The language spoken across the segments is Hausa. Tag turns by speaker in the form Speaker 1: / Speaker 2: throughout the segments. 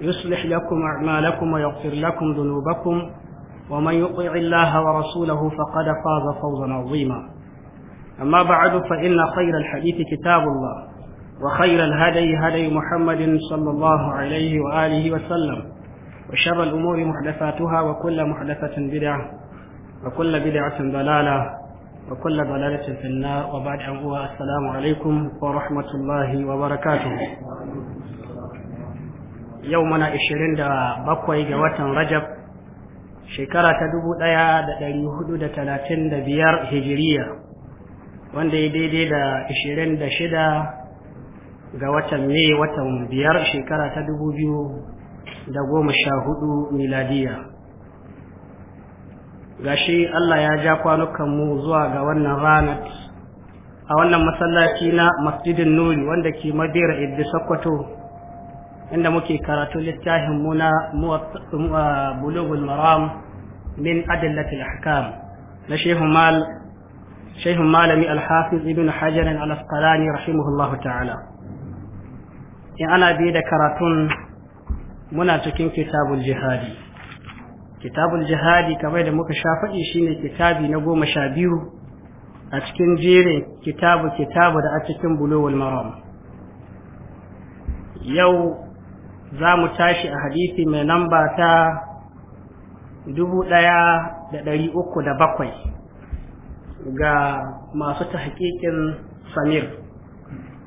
Speaker 1: يصلح لكم أعمالكم ويغفر لكم ذنوبكم ومن يطع الله ورسوله فقد فاز فوزا عظيما أما بعد فإن خير الحديث كتاب الله وخير الهدي هدي محمد صلى الله عليه وآله وسلم وشر الأمور محدثاتها وكل محدثة بدعة وكل بدعة ضلالة وكل ضلالة في النار وبعد أن السلام عليكم ورحمة الله وبركاته yau muna bakwai ga watan Rajab shekara ta biyar Hijiriya wanda ya daidai da 26 ga watan Mai watan biyar shekara ta hudu miladiya gashi Allah ya ja kwanukanmu zuwa ga wannan ranar a wannan masallaci na masjidin nuri wanda ke madera iddi sokoto inda muke karatu littafin muna ah, bulugul maram min adillatil ahkam na shehu mal shehu malami alhafiz ibn hajar al-asqalani rahimahullah ta'ala in ana bi da karatun muna cikin kitabul jihadi kitabul jihadi kamar da muka sha faɗi shine kitabi na goma sha biyu a cikin jerin kitabu kitabu da a cikin bulowar maram yau za mu tashi a hadisi mai namba ta dubu ɗaya da ɗari uku da bakwai ga masu ta hakikin samir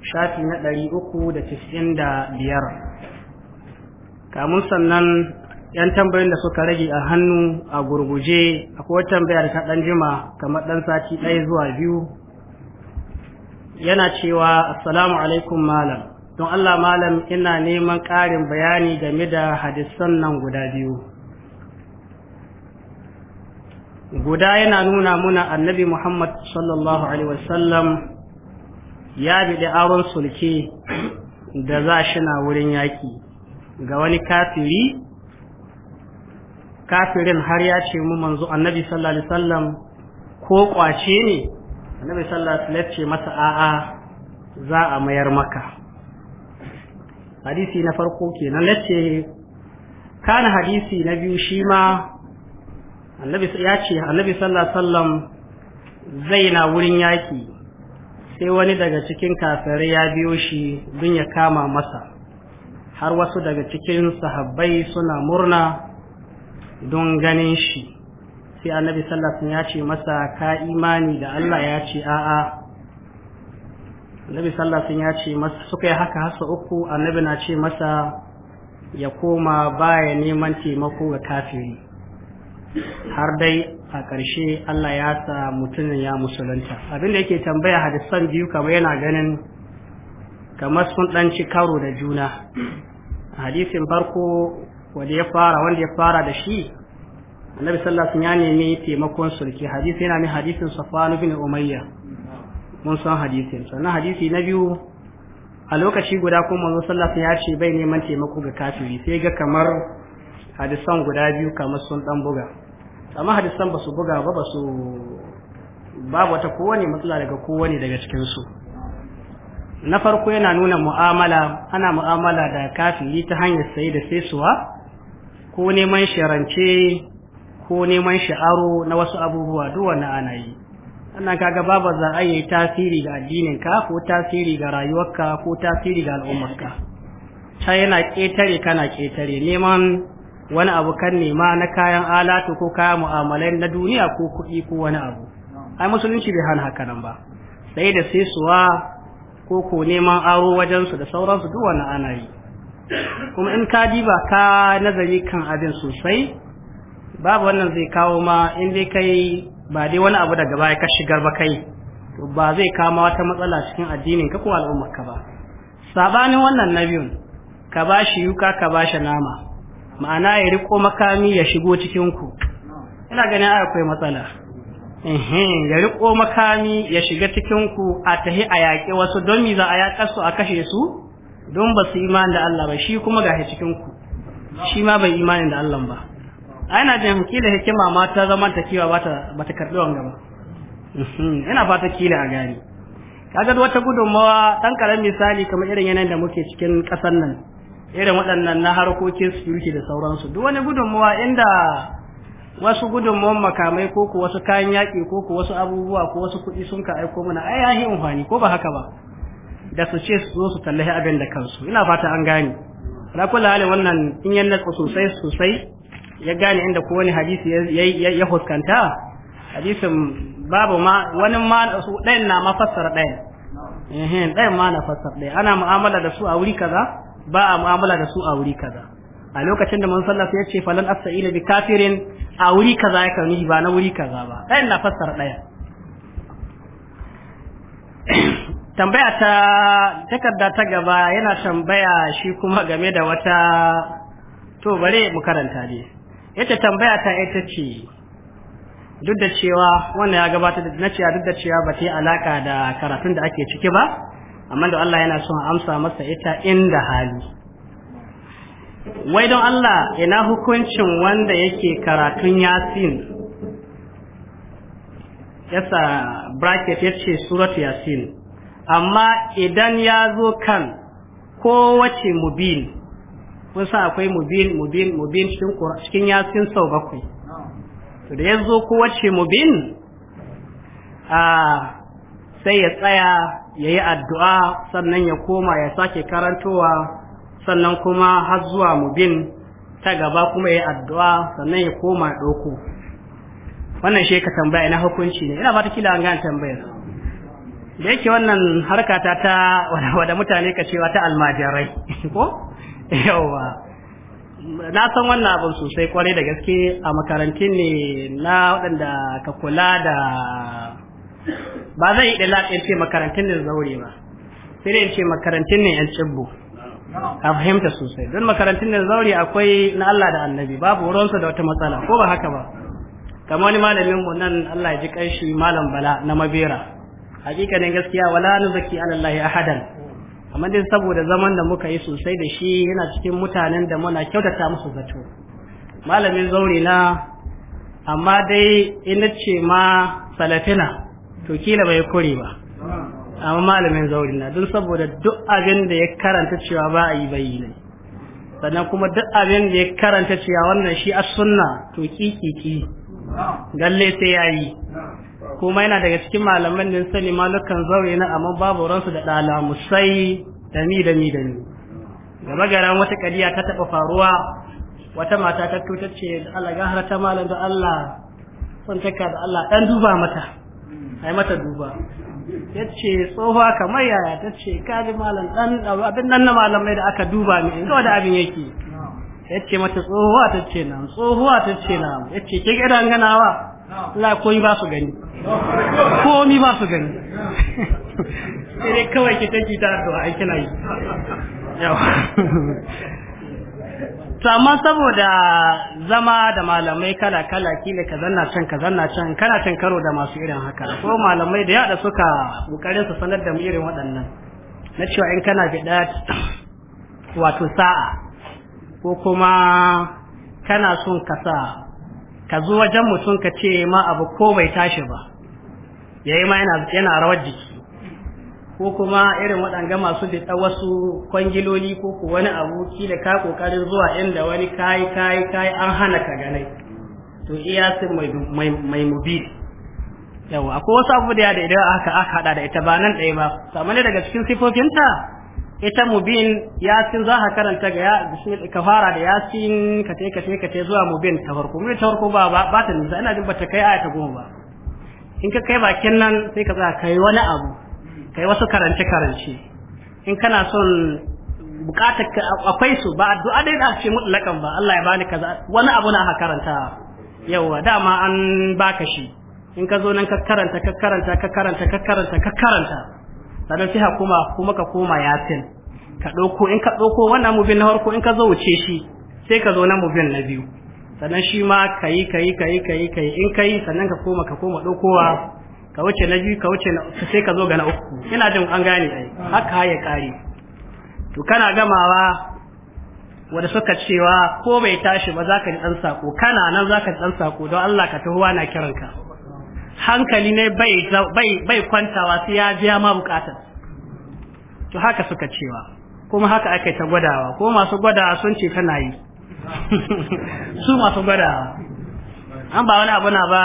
Speaker 1: shafi na ɗari uku da cikin da biyar kamun sannan yan tambayin da suka rage a hannu a gurguje akwai tambayar ta ɗan jima kamar ɗan sati ɗaya zuwa biyu yana cewa assalamu alaikum malam don Allah malam ina neman ƙarin bayani game da hadisan nan guda biyu guda yana nuna muna annabi Muhammad sallallahu alaihi wasallam ya bidi aron sulke da za shi na wurin yaƙi ga wani kafiri kafirin har ya ce mu manzo annabi sallallahu alaihi wasallam ko kwace ne annabi sallallahu alaihi wasallam ce masa a'a za a mayar maka hadisi na farko kenan lace kana hadisi na biyu shi ma ya ce annabi sallallahu zai na wurin yaki sai wani daga cikin kafirai ya biyo shi don ya kama masa har wasu daga cikin sahabbai suna murna don ganin shi sai annabi sallallahu ya ce masa ka imani da Allah ya ce a'a annabi sallallahu alaihi ya ce masa suka yi haka hasa uku annabi na ce masa ya koma baya neman taimako ga kafiri har dai a ƙarshe Allah ya sa mutumin ya musulunta abin da yake tambaya hadisan biyu kamar yana ganin kamar sun ɗanci karo da juna hadisin farko wanda ya fara wanda ya fara da shi annabi sallallahu alaihi ya nemi taimakon sulki hadisi yana ne hadisin safwan bin umayya mun san hadisin sannan hadisi na biyu a lokaci guda kuma manzo sallallahu ya ce bai neman taimako ga kafiri sai ga kamar hadisan guda biyu kamar sun dan buga amma hadisan ba su buga ba ba babu wata kowane matsala daga kowane daga cikin su na farko yana nuna mu'amala ana mu'amala da kafiri ta hanyar saye da suwa ko neman sharance ko neman sha'aro na wasu abubuwa duk wannan ana yi sannan kaga babu za a yi tasiri ga addininka ko tasiri ga rayuwarka ko tasiri ga al'ummarka ta yana ƙetare kana ƙetare neman wani abu kan nema na kayan alatu ko kayan mu'amalai na duniya ko kuɗi ko wani abu ai musulunci bai hana haka nan ba sai da sai suwa ko ko neman aro wajensu da sauransu duk wani ana yi kuma in ka diba ka nazari kan abin sosai babu wannan zai kawo ma in dai kai ba dai wani abu daga baya ka shigar ba kai to ba zai kama wata matsala cikin addinin ka ko al'ummar ka ba sabanin wannan nabiyun, ka ba shi yuka ka ba shi nama ma'ana ya riko makami ya shigo cikin ku ina ganin akwai matsala ya riko makami ya shiga cikin ku a tahi a yaƙe wasu don mi za a yaƙa su a kashe su don ba su imani da Allah ba shi kuma ga cikin ku shi ma bai imanin da Allah ba a jin kila hikima ma ta zama ta ba ta karɓi wanga ba mm-hmm. ina fata kila a gani kaga wata gudunmawa ɗan karamin misali kamar irin yanayin da muke cikin kasar nan irin waɗannan na harkokin security da sauransu duk wani gudunmawa inda wasu gudunmawan makamai ko ku wasu kayan yaƙi ko ku wasu abubuwa ko wasu kuɗi sun ka aiko mana ai yahi amfani ko ba haka ba da su ce su zo su tallahi abin da kansu ina fata an gane na halin wannan in yan sosai sosai ya gane inda ko wani hadisi ya huskanta hadisin babu ma wani ma su ɗayan na ma fassara ɗayan ehem ɗayan ma na fassar ɗayan ana mu'amala da su a wuri kaza ba a mu'amala da su a wuri kaza a lokacin da manzon Allah ya ce falan afsa'ila bi kafirin a wuri kaza ya kauni ba na wuri kaza ba ɗayan na fassar ɗayan tambaya ta takarda ta gaba yana tambaya shi kuma game da wata to bare mu karanta dai yace tambaya ta ita ce duk da cewa wannan ya gabata da na cewa duk da cewa ba ta yi alaka da karatun da ake ciki ba amma da Allah yana son amsa masa ita inda hali wai don Allah ina hukuncin wanda yake karatun yasin yasa bracket ya ce suratu yasin amma idan ya zo kan kowace mubin kun sa akwai mubin mubin mubin cikin cikin yasin sau bakwai to da yanzu zo kowace mubin a sai ya tsaya ya yi addu'a sannan ya koma ya sake karantowa sannan kuma har zuwa mubin ta gaba kuma ya yi addu'a sannan ya koma ɗauko wannan shi ka tambaya ina hukunci ne ina ba ta kila an gane tambayar da yake wannan harkata ta wada mutane ka cewa ta almajirai ko Yau na san wannan abin sosai kwarai da gaske a makarantun ne na waɗanda ka kula da ba zai yi ɗin ce makarantun ne zaure ba sai dai ce makarantun ne yan cibbo
Speaker 2: a fahimta
Speaker 1: sosai don makarantun ne zaure akwai na Allah da annabi babu wurinsa da wata matsala ko ba haka ba kamar wani malamin mu nan Allah ya ji kanshi malam bala na mabera hakikanin gaskiya wala nuzaki alallahi ahadan amma dai saboda zaman da muka yi sosai da shi yana cikin mutanen da muna kyautata musu zato malamin zauri na amma dai ina ce ma salatina to kila bai kore ba amma malamin zauri na don saboda duk abin da ya karanta cewa ba a yi bayi ne sannan kuma duk abin da ya karanta cewa wannan shi as sunna to kiki ki galle sai yayi kuma yana daga cikin malaman da sani malukan zaure na amma babu ransu da dalamusai da ni da ni da ni gaba garan wata kadiya ta taba faruwa wata mata ta tuta ce da Allah ga ta malam da Allah son taka da Allah dan duba mata ai mata duba yace tsofa kamar yaya tace kaji malam dan abin nan na malamai da aka duba ni in ga da abin yake yace mata tsohuwa tace nan tsohuwa tace nan yace ke gidan ganawa ko komi ba su gani komi ba su gani
Speaker 2: sai dai kawai ki
Speaker 1: take ta addu'a ai kina yi Ta to amma saboda zama da malamai kala kala kila ka zanna can ka zanna can kana can karo da masu irin haka ko malamai da yada suka kokarin su sanar da mu irin waɗannan na cewa in kana bida wato sa'a ko kuma kana son ka sa ka zo wajen mutum ka ce ma abu ko bai tashi ba ya yi ma yana rawar jiki ko kuma irin waɗanga masu da wasu kwangiloli ko ku wani abu kila ka ƙoƙarin zuwa inda wani kayi-kayi-kayi an hana ka ganai to iya sun mai yawa akwai wasu abu da idan aka haɗa da ita ba nan ɗaya ba ne daga cikin sifofinta ita mubin yasin za ka karanta ga ka fara da yasin ka kate ka tai ka tai zuwa mubin ta farko mubin ta farko ba ba ta nisa ina jin bata kai aya ta goma ba in ka kai bakin nan sai ka tsaya kai wani abu kai wasu karance karance in kana son bukatar akwai su ba addu'a dai da ce mutlakan ba Allah ya bani kaza wani abu na karanta yawa dama an baka shi in ka zo nan ka karanta ka karanta ka karanta ka karanta ka karanta sannan sai kuma kuma ka koma yasin ka dauko in ka ɗauko wannan mubin na farko in ka zo wuce shi sai ka zo na mubin na biyu sannan shi ma kayi-kayi-kayi, yi ka in ka yi sannan ka koma ka koma ɗaukowa ka wuce na biyu ka wuce sai ka zo ga na uku ina jin an gane ai haka ya kare to kana gamawa wanda suka cewa ko bai tashi ba za ka ji ɗan sako kana nan za ka ji ɗan sako don Allah ka wa na kiranka hankali ne bai kwantawa sai ya biya ma bukata to haka suka cewa kuma haka aka ta gwadawa ko masu gwadawa sun ce kana yi su masu gwadawa an ba wani abu na ba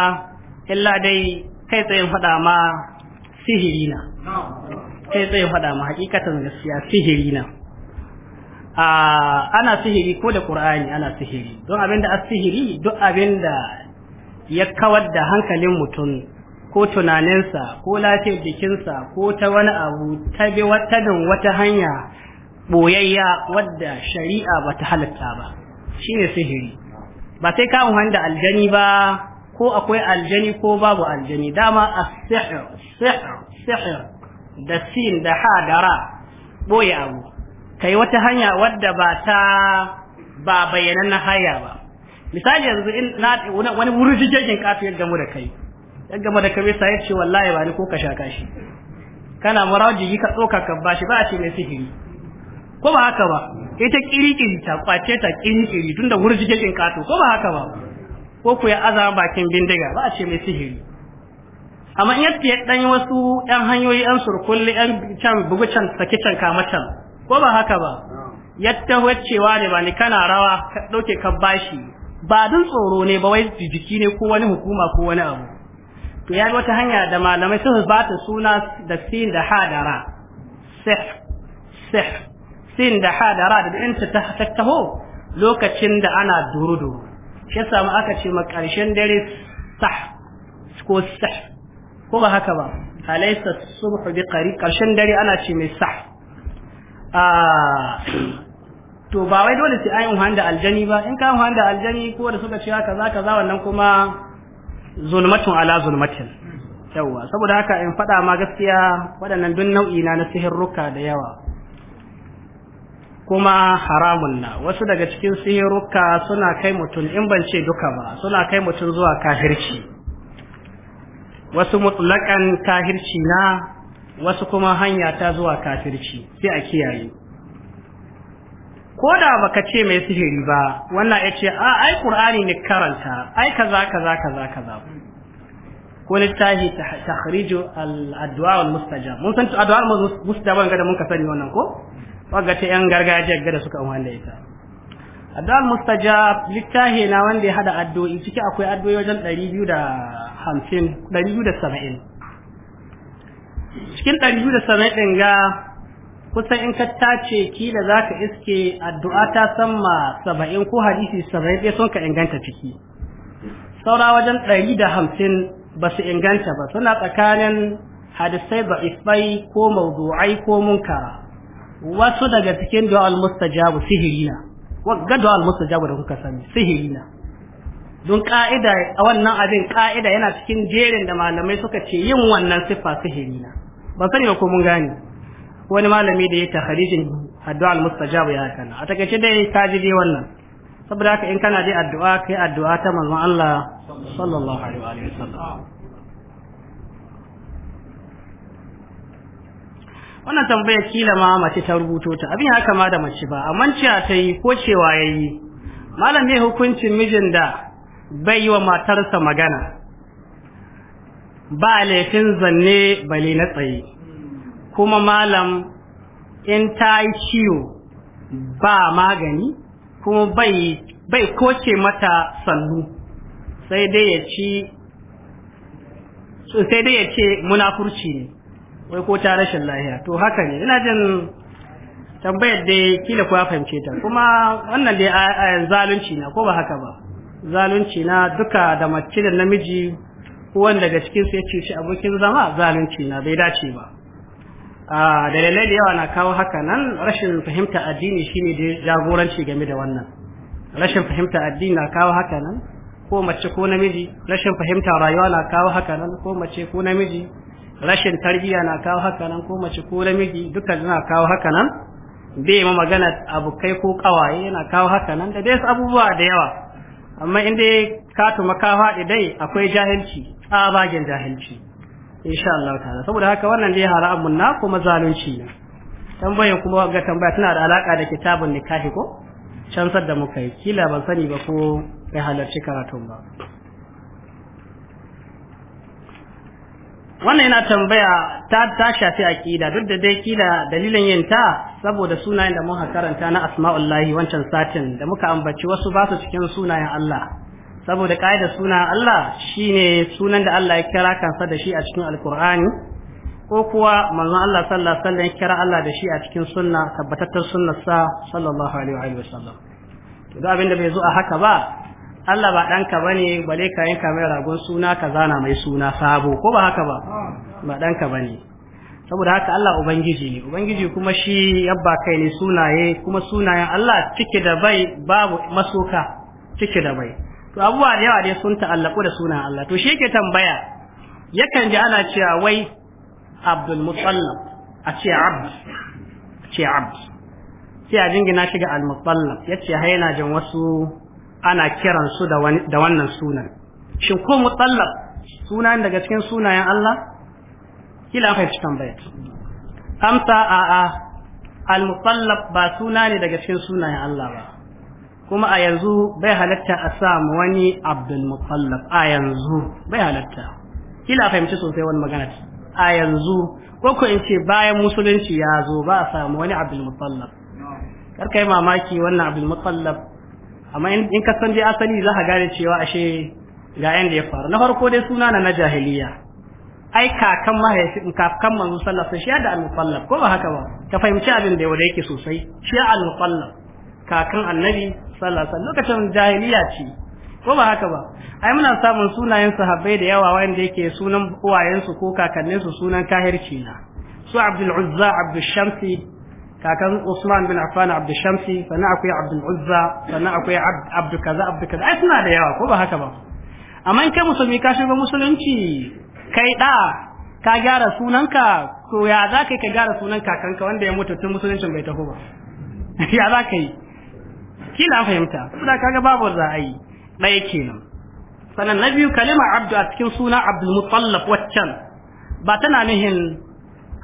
Speaker 1: illa dai kai tsayin fada ma sihiri na kai tsayin fada ma hakikatan gaskiya sihiri na ah, ana sihiri ko da qur'ani ana sihiri don da a sihiri duk da. ya kawar da hankalin mutum ko tunaninsa ko lafiyar jikinsa ko ta wani abu ta bi wata wata hanya boyayya wadda shari'a ba ta halatta ba shine sihiri ba sai ka da aljani ba ko akwai aljani ko babu aljani dama as-sihr sihr sihr da sin da ha da ra boye abu kai wata hanya wadda ba ta ba bayanan haya ba misali yanzu in na wani murjijejin kato yadda mu da kai yadda mu da kai sai ya ce wallahi ba ni ko ka shaka shi kana muraji ka tsoka ka bashi ba a ce mai sihiri ko ba haka ba ita kiri ta kwace ta kiri tunda murjijejin kato ko ba haka ba ko ku ya azama bakin bindiga ba a ce mai sihiri amma in yadda ya yi wasu ɗan hanyoyi 'yan surkulli 'yan can bugu can saki can kama can ko ba haka ba yadda wacewa ne ba ni kana rawa ka ɗauke ka bashi ba dun tsoro ne ba wai jiki ne ko wani hukuma ko wani abu to ya wata hanya da malamai sun ba ta suna da sin da hadara sih sih sin da hadara da in ta tattaho lokacin da ana durudu duru shi samu aka ce ma ƙarshen dare sah ko sah ko ba haka ba alaysa subhu bi qari ƙarshen dare ana ce mai sah to ba wai dole sai ayin handa aljani ba in ka handa aljani ko da suka ce haka kaza kaza wannan kuma zulmatun ala zulmatin yawa saboda haka in faɗa ma gaskiya waɗannan duk nau'i na na sihirruka da yawa kuma haramun na wasu daga cikin sihirruka suna kai mutum in ban ce duka ba suna kai mutum zuwa kafirci wasu mutlakan kafirci na wasu kuma hanya ta zuwa kafirci sai a kiyaye ko da baka ce mai sihiri ba wannan ya ce a ai qur'ani ne karanta ai kaza kaza kaza kaza ko littafi takhriju al-adwa al mustajab mun san adwa al mustajab ga da mun ka sani wannan ko wanda ta yan gargajiya ga da suka da ita adwa al mustajab littafi na wanda ya hada addu'o'i ciki akwai addu'o'i wajen 250 270 cikin 270 din ga kusan in ka tace kila za ka iske addu'a ta sama saba'in ko hadisi saba'in ɗaya sun ka inganta ciki saura wajen ɗari da hamsin ba su inganta ba suna tsakanin hadisai ba ifai ko mawdu'ai ko munka. wasu daga cikin du'a al jabu sihiri na wagga du'a al da kuka sani sihiri na don ka'ida a wannan abin ƙa'ida yana cikin jerin da malamai suka ce yin wannan siffa sihiri na ban sani ba ko mun gane wani malami da ya ta hadisin addu'a al-mustajab ya kana a takeice dai ka ji dai wannan saboda haka in kana dai addu'a kai addu'a ta manzon Allah sallallahu
Speaker 2: alaihi wa sallam
Speaker 1: wannan tambayar kila ma mace ta rubuto ta abin haka ma da mace ba amma cewa ta yi ko cewa yayi malam ne hukuncin mijin da bai yi wa matarsa magana ba laifin zanne bale na tsaye kuma malam in ta yi ciwo ba magani kuma bai koce mata sannu sai dai ya ce munafurci ne wai ko ta rashin lahiya to haka ne ina jin tambayar da kila ku ya fahimce ta kuma wannan dai zalunci na ko ba haka ba zalunci na duka da mace da namiji wanda daga cikinsu ya ce shi abokin zama zalunci na bai dace ba dalilai da yawa na kawo haka nan rashin fahimta addini shine da jagoranci game da wannan rashin fahimta addini na kawo haka nan ko mace ko namiji rashin fahimta rayuwa na kawo haka nan ko mace ko namiji rashin tarbiyya na kawo haka nan ko mace ko namiji duka na kawo haka nan bai ma magana abokai ko kawaye yana kawo haka nan da dai abubuwa da yawa amma in dai ka tuma ka faɗi dai akwai jahilci tsabagen jahilci insha Allah ta'ala saboda haka wannan dai haramun na kuma zalunci ne tambayar kuma ga tambaya tana da alaka da kitabun nikahi ko can da muka yi kila ban sani ba ko ya halarci karatun ba wannan yana tambaya ta ta shafi aqida duk da dai kila dalilin yin ta saboda sunayen da muka karanta na asma'ullahi wancan satin da muka ambaci wasu ba su cikin sunayen Allah saboda ƙa'idar suna Allah shi ne sunan da Allah ya kira kansa da shi a cikin alkur'ani ko kuwa manzon Allah sallallahu alaihi ya kira Allah da shi a cikin sunna tabbatattar sunnar sa sallallahu alaihi wa sallam to abin da bai zo a haka ba Allah ba ka bane bale ka yanka mai ragon suna ka zana mai suna sabo ko ba haka ba ba ka bane saboda haka Allah ubangiji ne ubangiji kuma shi yabba kai ne sunaye kuma sunayen Allah cike da bai babu masoka cike da bai to abubuwa da yawa dai sun ta'allaku da sunan Allah to shi yake tambaya yakan ji ana cewa wai Abdul Muttalib a ce Abd ce Abd sai a jingina shi ga Al Muttalib ya ce yana jin wasu ana kiran su da da wannan sunan shin ko Muttalib sunan daga cikin sunayen Allah kila fa ci tambaya amsa a a Al Muttalib ba suna ne daga cikin sunayen Allah ba kuma a yanzu bai halatta a samu wani abdul mutallaf a yanzu bai halatta kila fahimci sosai wani magana a yanzu ko ko in ce bayan musulunci ya zo ba a samu wani abdul mutallaf kar kai mamaki wannan abdul mutallaf amma in ka san dai asali za ka gane cewa ashe ga da ya faru na farko dai suna na na jahiliya ai kakan mahaifin kakan manzo sallallahu alaihi wasallam shi da al-mutallaf ko ba haka ba ka fahimci abin da yake sosai shi al-mutallaf kakan annabi sallallahu alaihi lokacin jahiliya ce ko ba haka ba ai muna samun sunayen sahabbai da yawa wanda yake sunan uwayensu ko kakanninsu sunan kahirci na su Abdul Uzza Abdul Shamsi kakan Usman bin Affan Abdul Shamsi sannan akwai Abdul Uzza sannan akwai Abdul kaza Abdul kaza ai suna da yawa ko ba haka ba amma in kai musulmi ka shiga musulunci kai da ka gyara sunanka to ya za ka yi ka gyara sunan kakanka wanda ya mutu tun musuluncin bai taho ba ya za ka yi kila fahimta ka kaga babu za a yi ɗaya kenan sannan na biyu kalima abdu a cikin suna abdul mutallaf waccan ba tana nuhin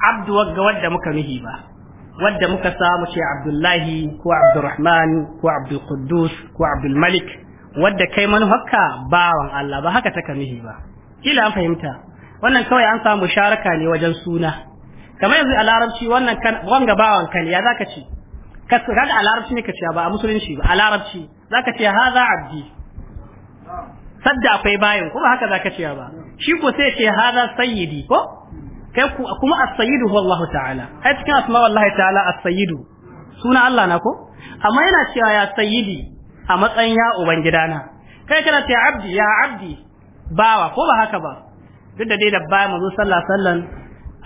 Speaker 1: abdu ga wadda muka nuhi ba wadda muka samu ce abdullahi ko abdurrahman ko abdul quddus ko abdul malik wadda kai manufarka bawan Allah ba haka taka mihi ba kila an fahimta wannan kawai an samu sharaka ne wajen suna kamar yanzu a larabci wannan wanga bawan kan ya zaka ce Ka kaga a larabci ne ka ce ba a musulunci ba a larabci zaka ce haza abdi sadda akwai bayin kuma haka zaka ce ba shi ko sai ce haza sayyidi ko kai kuma as-sayyidu huwa Allah ta'ala ai cikin asma wallahi ta'ala as-sayyidu suna Allah na ko amma yana cewa ya sayyidi a matsayin ya ubangida na kai kana ce abdi ya abdi bawa ko ba haka ba duk da dai da bayan manzo sallallahu alaihi wasallam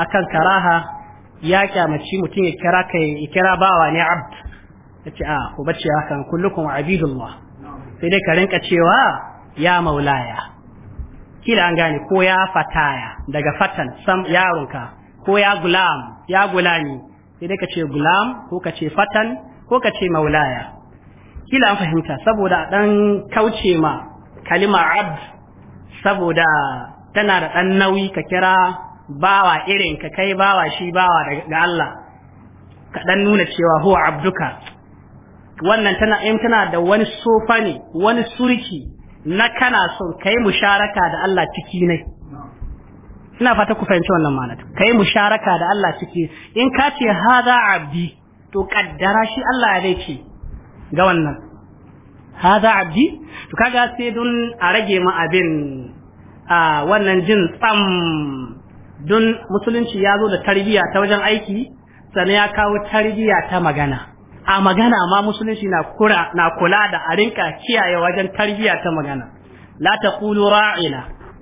Speaker 1: akan karaha ya kyamaci mutum ya kira ka ya kira bawa ne abd ce a ah, ku bace hakan kullukum abidullah sai dai ka rinka cewa ya maulaya kila an gane ko ya fataya daga fatan sam yaronka ko ya gulam ya gulami sai dai ka ce gulam ko ka ce fatan ko ka ce maulaya kila an fahimta saboda dan kauce ma kalima abd saboda tana da dan nauyi ka kira bawa irin ka kai bawa shi bawa ga Allah ka dan nuna cewa huwa abduka wannan tana in tana da wani sofa ne wani surki na kana son kai musharaka da Allah ciki ne ina fata ku fahimci wannan ma'ana kai musharaka da Allah ciki in ka ce hada abdi to kaddara shi Allah ya dai ce ga wannan hada abdi to kaga sai dun a rage ma abin a wannan jin tsam don musulunci ya zo da tarbiyya ta wajen aiki sannan ya kawo tarbiyya ta magana a magana ma musulunci na kura na kula da a rinka kiyaye wajen tarbiyya ta magana la taqulu ra'ina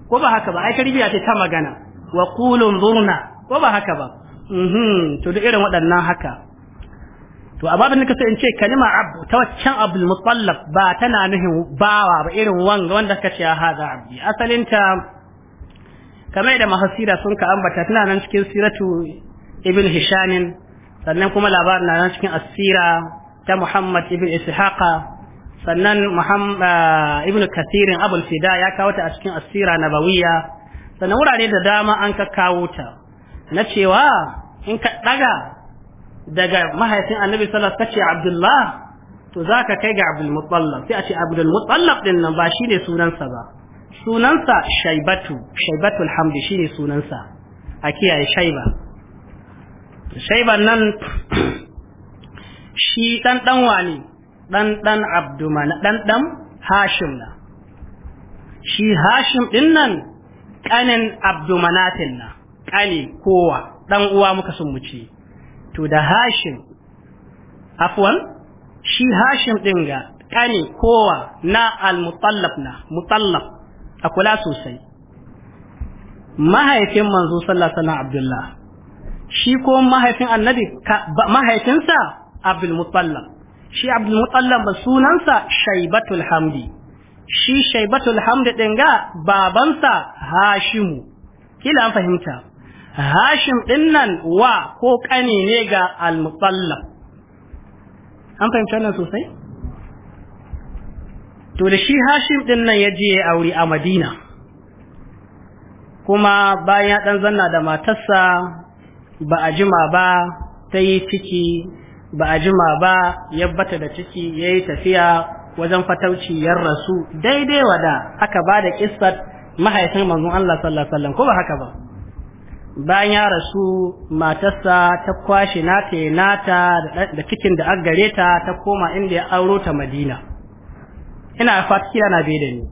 Speaker 1: ko ba haka ba ai tarbiyya ce ta magana wa qulu zurna ko ba haka ba mhm to duk irin waɗannan haka to amma abin da so in ce kalima abu ta waccan abdul mutallab ba tana nuhin bawa ba irin wanga wanda kace ya hada abdi asalin ta kamar da mahasira sun ka ambata tana nan cikin siratu ibn hishamin sannan kuma labarin na nan cikin asira ta muhammad ibn ishaqa sannan ah, ibn kathirin abul fida ya kawo ta a cikin asira nabawiya sannan wurare da dama an ka kawo ta na cewa in ka daga daga mahaifin annabi sallallahu alaihi wasallam abdullah to zaka kai ga abdul muttalab sai a ce abdul muttalab din nan ba shine sunansa ba sunansa shaibatu Alhamdu shi ne sunansa a kiyaye shaiba shaiban nan shi ɗanɗan wani ɗanɗan abduma na ɗanɗan hashim na shi hashim ɗin nan ƙanin abdumanatin na ƙani kowa ɗan uwa muka sun muci to da hashim afwan shi hashim ɗin ga ƙani kowa na al na mutallaf a kula sosai mahaifin manzo sallallahu alaihi abdullah shi ko mahaifin annabi mahaifinsa abdul muttalib shi abdul muttalib sunansa shaibatul hamdi shi shaibatul hamdi din ga babansa hashimu kila an fahimta hashim din nan wa ko ƙani ne ga al muttalib an fahimta nan sosai to da shi hashim din nan ya je aure a madina kuma bayan ɗan zanna da matarsa ba a jima ba ta yi ciki ba a jima ba ya bata da ciki ya yi tafiya wajen fatauci ya rasu daidai wada aka ba da ƙisar mahaifin manzon Allah sallallahu alaihi ko ba haka ba bayan ya rasu matarsa ta kwashe nata nata da cikin da aggare ta ta koma inda ya auro ta Madina ina fata kila na bai da ni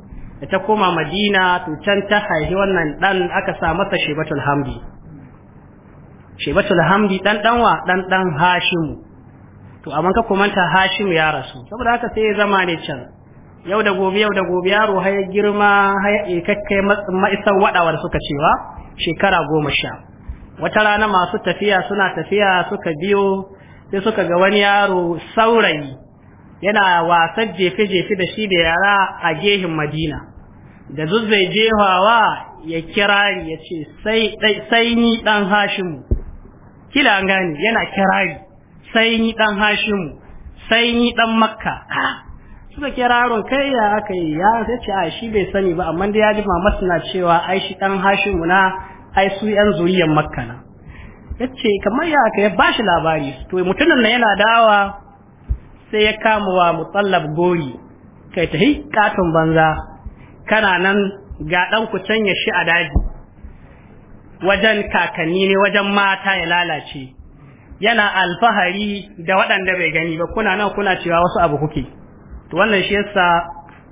Speaker 1: da ta koma madina to can ta haihi wannan dan aka sa masa shebatul hamdi shebatul hamdi dan danwa dan dan hashimu to amma ka komanta hashimu ya rasu saboda haka sai ya zama ne can yau da gobe yau da gobe yaro har ya girma har ya kakkai ma'isar wadawar suka cewa shekara goma sha wata rana masu tafiya suna tafiya suka biyo sai suka ga wani yaro saurayi yana wasan jefe-jefe da shi da yara a gehin madina da zuzzai jehawa ya kirari ya ce sai ni dan hashimu kila an gani yana kirari sai ni dan hashimu sai ni dan makka suka kiraron kai ya aka yi ya ce a shi bai sani ba amma da ya ji mamas na cewa ai shi dan hashimu na ai su yan zuriyar makka na Ya ce kamar ya aka ya bashi labari to mutumin nan yana dawa sai ya kama wa mutallab gori kai ta hi katon banza kana nan ga ɗan ku canya shi a daji wajen kakanni ne wajen mata ya lalace yana alfahari da waɗanda bai gani ba kuna nan kuna cewa wasu abu kuke to wannan shi yasa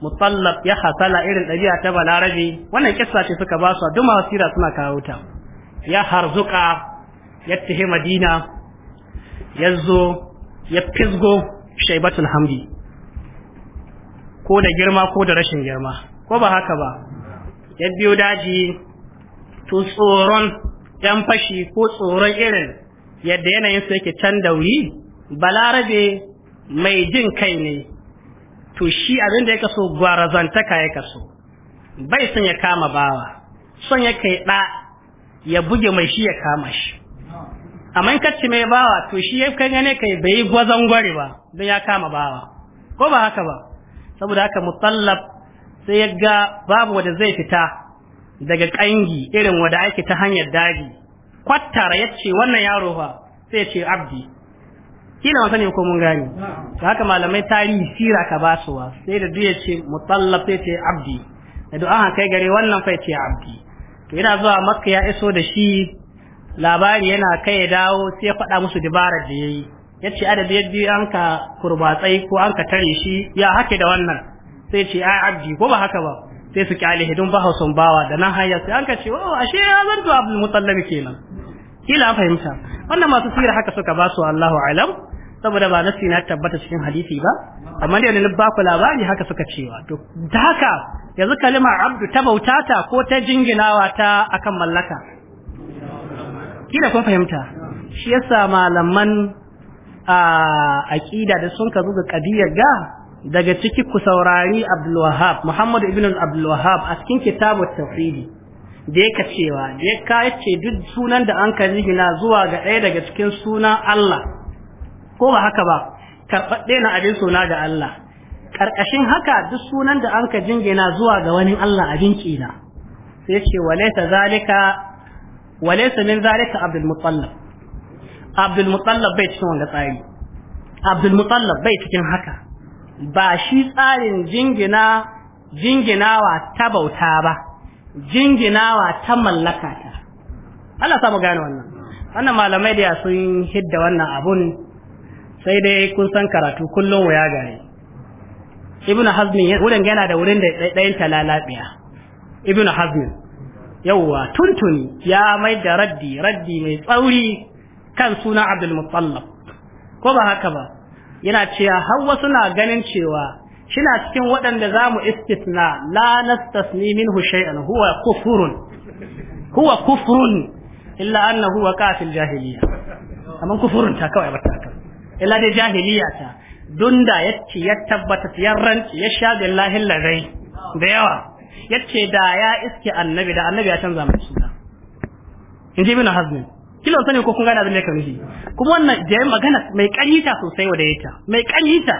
Speaker 1: mutallab ya hasala irin ɗabi'a ta balarabe wannan kissa ce suka ba su a duma wasira suna kawo ta ya harzuka ya tahi madina ya zo ya fisgo shaibatul hamdi ko da girma ko da rashin girma ko ba haka ba ya biyo daji to tsoron yan fashi ko tsoron irin yadda yanayin su yake can dauri balarabe mai jin kai ne to shi abin da ya kaso gwarazantaka ya kaso bai son ya kama bawa son ya kai ɗa ya buge mai shi ya kama shi amma in kacci mai bawa to shi ya kan gane kai bai gwazon gwari ba don ya kama bawa ko ba haka ba saboda haka musallab sai ga babu wanda zai fita daga kangi irin wanda ake ta hanyar daji kwattara ya ce wannan yaro fa sai ya ce abdi kina wasa ne ko mun gani haka malamai tarihi sira ka basuwa sai da duya ce musallab sai ce abdi da du'a kai gare wannan fa ya ce abdi to ina zuwa makka ya iso da shi labari yana kai ya dawo sai ya faɗa musu dabarar da yayi yace ya ce adadi an ka kurbatsai ko an ka tare shi ya hake da wannan sai ce ai abdi ko ba haka ba sai su kyale hidun ba hausun bawa da nan hanyar sai an ka ce oh ashe ya zanto abdul mutallabi kenan kila fahimta wannan masu sirri haka suka ba su Allahu alam saboda ba nasi na tabbata cikin hadisi ba amma dai na ba ku labari haka suka cewa to ta haka yanzu kalimar abdu ta bautata ko ta jinginawa ta akan mallaka kila kun fahimta shi yasa malaman a aqida da sun ka zuga qadiyar ga daga ciki ku saurari Abdul Wahhab Muhammad ibn Abdul Wahhab a cikin kitabut tauhidi da yake cewa da ya ka duk sunan da an ka na zuwa ga ɗaya daga cikin sunan Allah ko ba haka ba karɓaɗɗe na abin suna ga Allah karkashin haka duk sunan da an ka jingina zuwa ga wani Allah abin kina sai ce walaita zalika وليس min ذلك abdul المطلب abdul المطلب bai cikin wanga tsari abdul mutallab bai cikin haka ba shi tsarin jinginawa ta bauta ba jinginawa ta سامو ta wannan wannan malamai da sun hidda wannan abun sai dai kun san karatu kullum waya gare ibnu hazmin wurin yana da wurin da ɗayan talalabiya ibnu hazmin yawwa tuntuni ya mai da raddi raddi mai tsauri kan suna abdul mutallab ko ba haka ba yana cewa hawa suna ganin cewa shina cikin waɗanda za mu istisna la nastasni minhu shay'an huwa kufurun huwa kufurun illa annahu wa kafil jahiliya amma kufurun ta kawai ba ta illa dai jahiliya ta dunda ya ya tabbata ya ranci ya sha billahi lazai da yawa yace da ya iske annabi da annabi ya canza mai suna in ji ibn hazm kila sani ko kun gane abin da yake nufi kuma wannan jayi magana mai kanyita sosai wada yata mai kanyita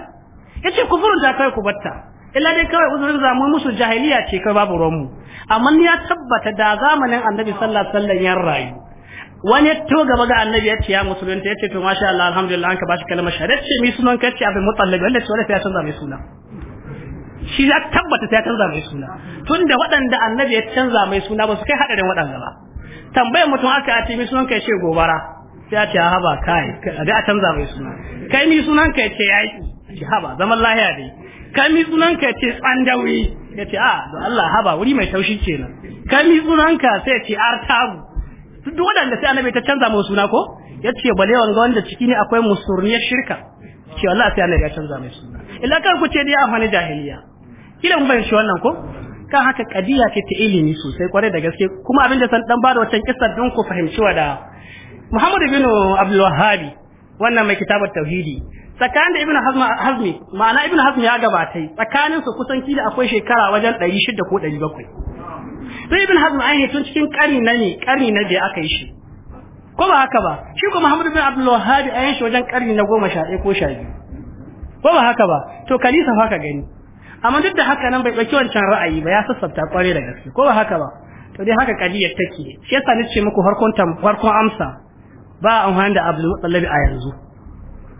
Speaker 1: yace kufurun da kai ku batta illa dai kawai uzurin zamu musu jahiliya ce kai babu mu amma ni ya tabbata da zamanin annabi sallallahu alaihi wasallam yan rayu wani to gaba ga annabi yace ya musulunta ya ce to masha Allah alhamdulillah an ka bashi kalmar shahada yace mi sunan kace abin mutallabi wanda ce ya canza mai suna shi ya tabbata ya canza mai suna tunda waɗanda annabi ya canza mai suna ba su kai haɗarin waɗanda ba tambayar mutum aka ce mai sunan kai ce gobara sai a ce haba kai ga a canza mai suna kai mai sunan kai ce yaki haba zaman lahiya dai kai mai sunan kai ce tsandawi ya ce a ah, don Allah haba wuri mai taushi kenan kai mai sunan ka sai ce artabu duk waɗanda sai annabi ta canza mai suna ko ya ce bale wanga wanda ciki ne akwai musurniyar shirka ce Allah sai annabi ya canza mai suna illa kan ku ce dai amfani jahiliya kila mun fahimci wannan ko kan haka kadiya ce ta ilimi sosai kwarai da gaske kuma abin da san dan bada wancan kissar don ku fahimci wa da Muhammad ibn Abdul Wahhab wannan mai kitabar tauhidi tsakanin da Ibn Hazmi ma'ana Ibn Hazmi ya gabatai tsakanin su kusan kila akwai shekara wajen 600 ko 700 sai Ibn Hazm ai tun cikin karni na ne karni na da aka yi shi ko ba haka ba shi ko Muhammad ibn Abdul Wahhab ayin shi wajen karni na 11 ko 12 ko ba haka ba to kalisa fa ka gani amma duk da haka nan bai ɗauki wancan ra'ayi ba ya sassabta ƙwarai da gaske ko ba haka ba to dai haka kadiyar take shi yasa ni ce muku farkon farkon amsa ba amfani da abdul mutallabi a yanzu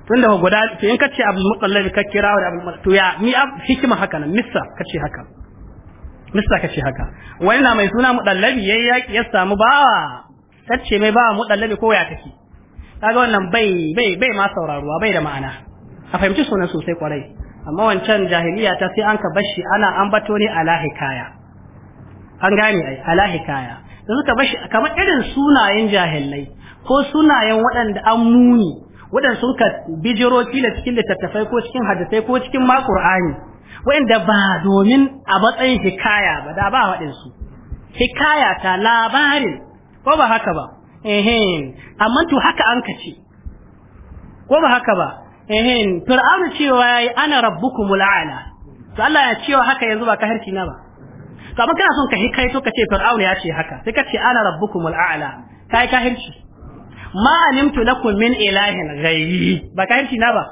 Speaker 1: tunda ku guda to in kace abdul mutallabi ka kira wa abdul to ya mi hikima haka nan missa kace haka missa kace haka wani na mai suna mutallabi yayi yaki ya samu bawa tace mai bawa mutallabi ko ya take kaga wannan bai bai bai ma sauraruwa bai da ma'ana a fahimci sunan sosai kwarai amma wancan jahiliya ta sai an ka bashi ana ambato ne ala hikaya an gane ai ala hikaya da suka bashi kamar irin sunayen jahilai ko sunayen waɗanda an muni waɗanda sun ka bijiro kila cikin littattafai ko cikin hadisai ko cikin ma qur'ani waɗanda ba domin a matsayin hikaya ba da ba waɗansu hikaya ta labarin ko ba haka ba ehem amma to haka an ka ce ko ba haka ba ehin fir'auna cewa yayi ana rabbukumul a'la to Allah ya cewa haka yanzu ba kahirci na ba to amma kana son ka hikaito ka ce fir'auna ya ce haka sai ka ce ana rabbukumul a'la kai kahirci ma alimtu lakum min ilahin ghayri ba kahirci na ba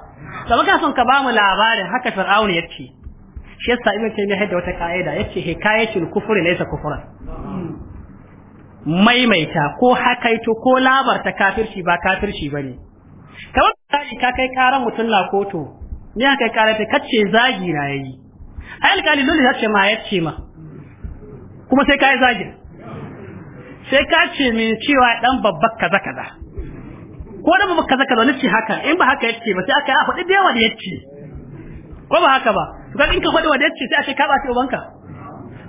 Speaker 1: to amma kana son ka ba mu labarin haka fir'auna ya ce shi yasa ibn taymiyyah da wata kaida yace hikayatul kufri laysa kufran maimaita ko hakaito ko labarta kafirci ba kafirci bane kamar kai ka kai karan mutum na kotu ni aka kai karan ta kace zagi na yayi ai alkali dole ya ce ma ya ce ma kuma sai ka yi zagin sai ka ce min cewa dan babbar kaza kaza ko dan babba kaza kaza nace haka in ba haka yace ba sai aka yi a faɗi da yawa da yace ko ba haka ba to kan in ka faɗi wa da yace sai a ce ka ba ce ubanka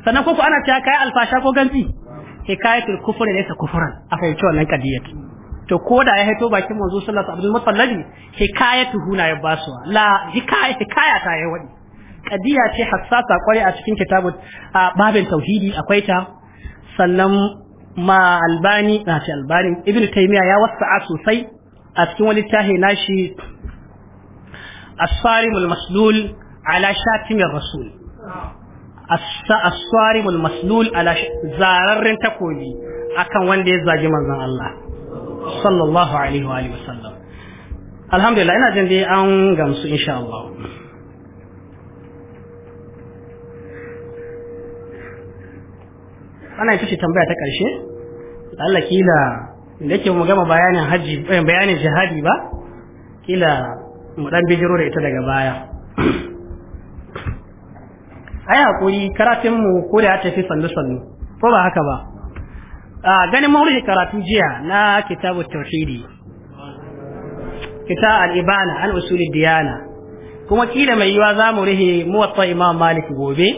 Speaker 1: sannan ko ko ana cewa kai alfasha ko ganti kai kai kufur ne sa kufuran aka yi cewa nan kadiyati to ko da ya haito bakin manzo sallallahu alaihi wasallam hikayatu huna ya basu la hikaya hikaya ta yayi wadi ce hassasa kware a cikin kitabun a babin tauhidi akwai ta sannan ma albani na ce albani ibn taymiya ya wasa'a sosai a cikin wani tahi nashi as-sarimul maslul ala shatimir rasul as-sarimul maslul ala zararren takobi akan wanda ya zagi manzon Allah sallallahu alaihi wa sallam alhamdulillah ina jin dai an gamsu insha Allah ana yi ce tambaya ta ƙarshe Allah kila da ke mu gama bayanin haji eh, bayanin jihadi ba kila mu dan bijiro da ita daga baya ai hakuri karatun mu ko da ya tafi sallu sallu ko ba haka ba a ah, ganin ruhe karatu jiya na kitabu tauhidi kita al-ibana an usulid diyana kuma kila mai yiwa za mu rihe muwatta imam malik gobe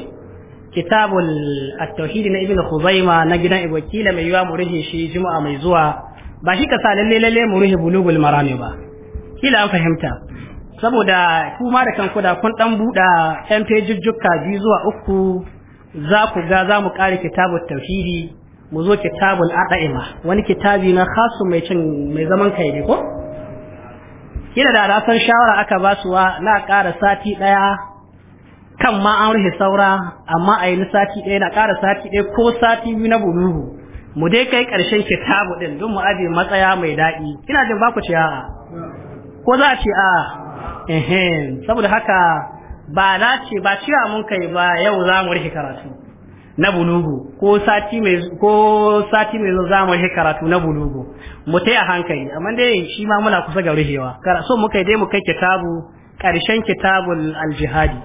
Speaker 1: kitabul at-tauhid na ibnu khuzaima na gidan ibnu kila mai yiwa mu rihe shi juma'a mai zuwa ba shi ka sa lalle lalle mu rihe bulugul marami ba kila an fahimta saboda kuma da kanku da kun dan buɗa yan pejujjukka biyu zuwa uku za ku ga za mu ƙare kitabun tauhidi mu zo kitabul ada'ima wani kitabi na khasu mai cin mai zaman kai ne ko kila da rasan shawara aka ba su wa na ƙara sati ɗaya kan ma an rufe saura amma a yi sati ɗaya na ƙara sati ɗaya ko sati biyu na bululu mu dai kai ƙarshen kitabu ɗin don mu aje matsaya mai daɗi ina jin baku ce a'a ko za a ce a'a saboda haka ba na ce ba cewa mun kai ba yau za mu rufe karatu na bulugu ko sati mai ko sati mai zo za mu yi karatu na bulugu mu ta hankali amma dai shi ma muna kusa ga ruhewa so so kai dai mu kai kitabu karshen kitabul aljihadi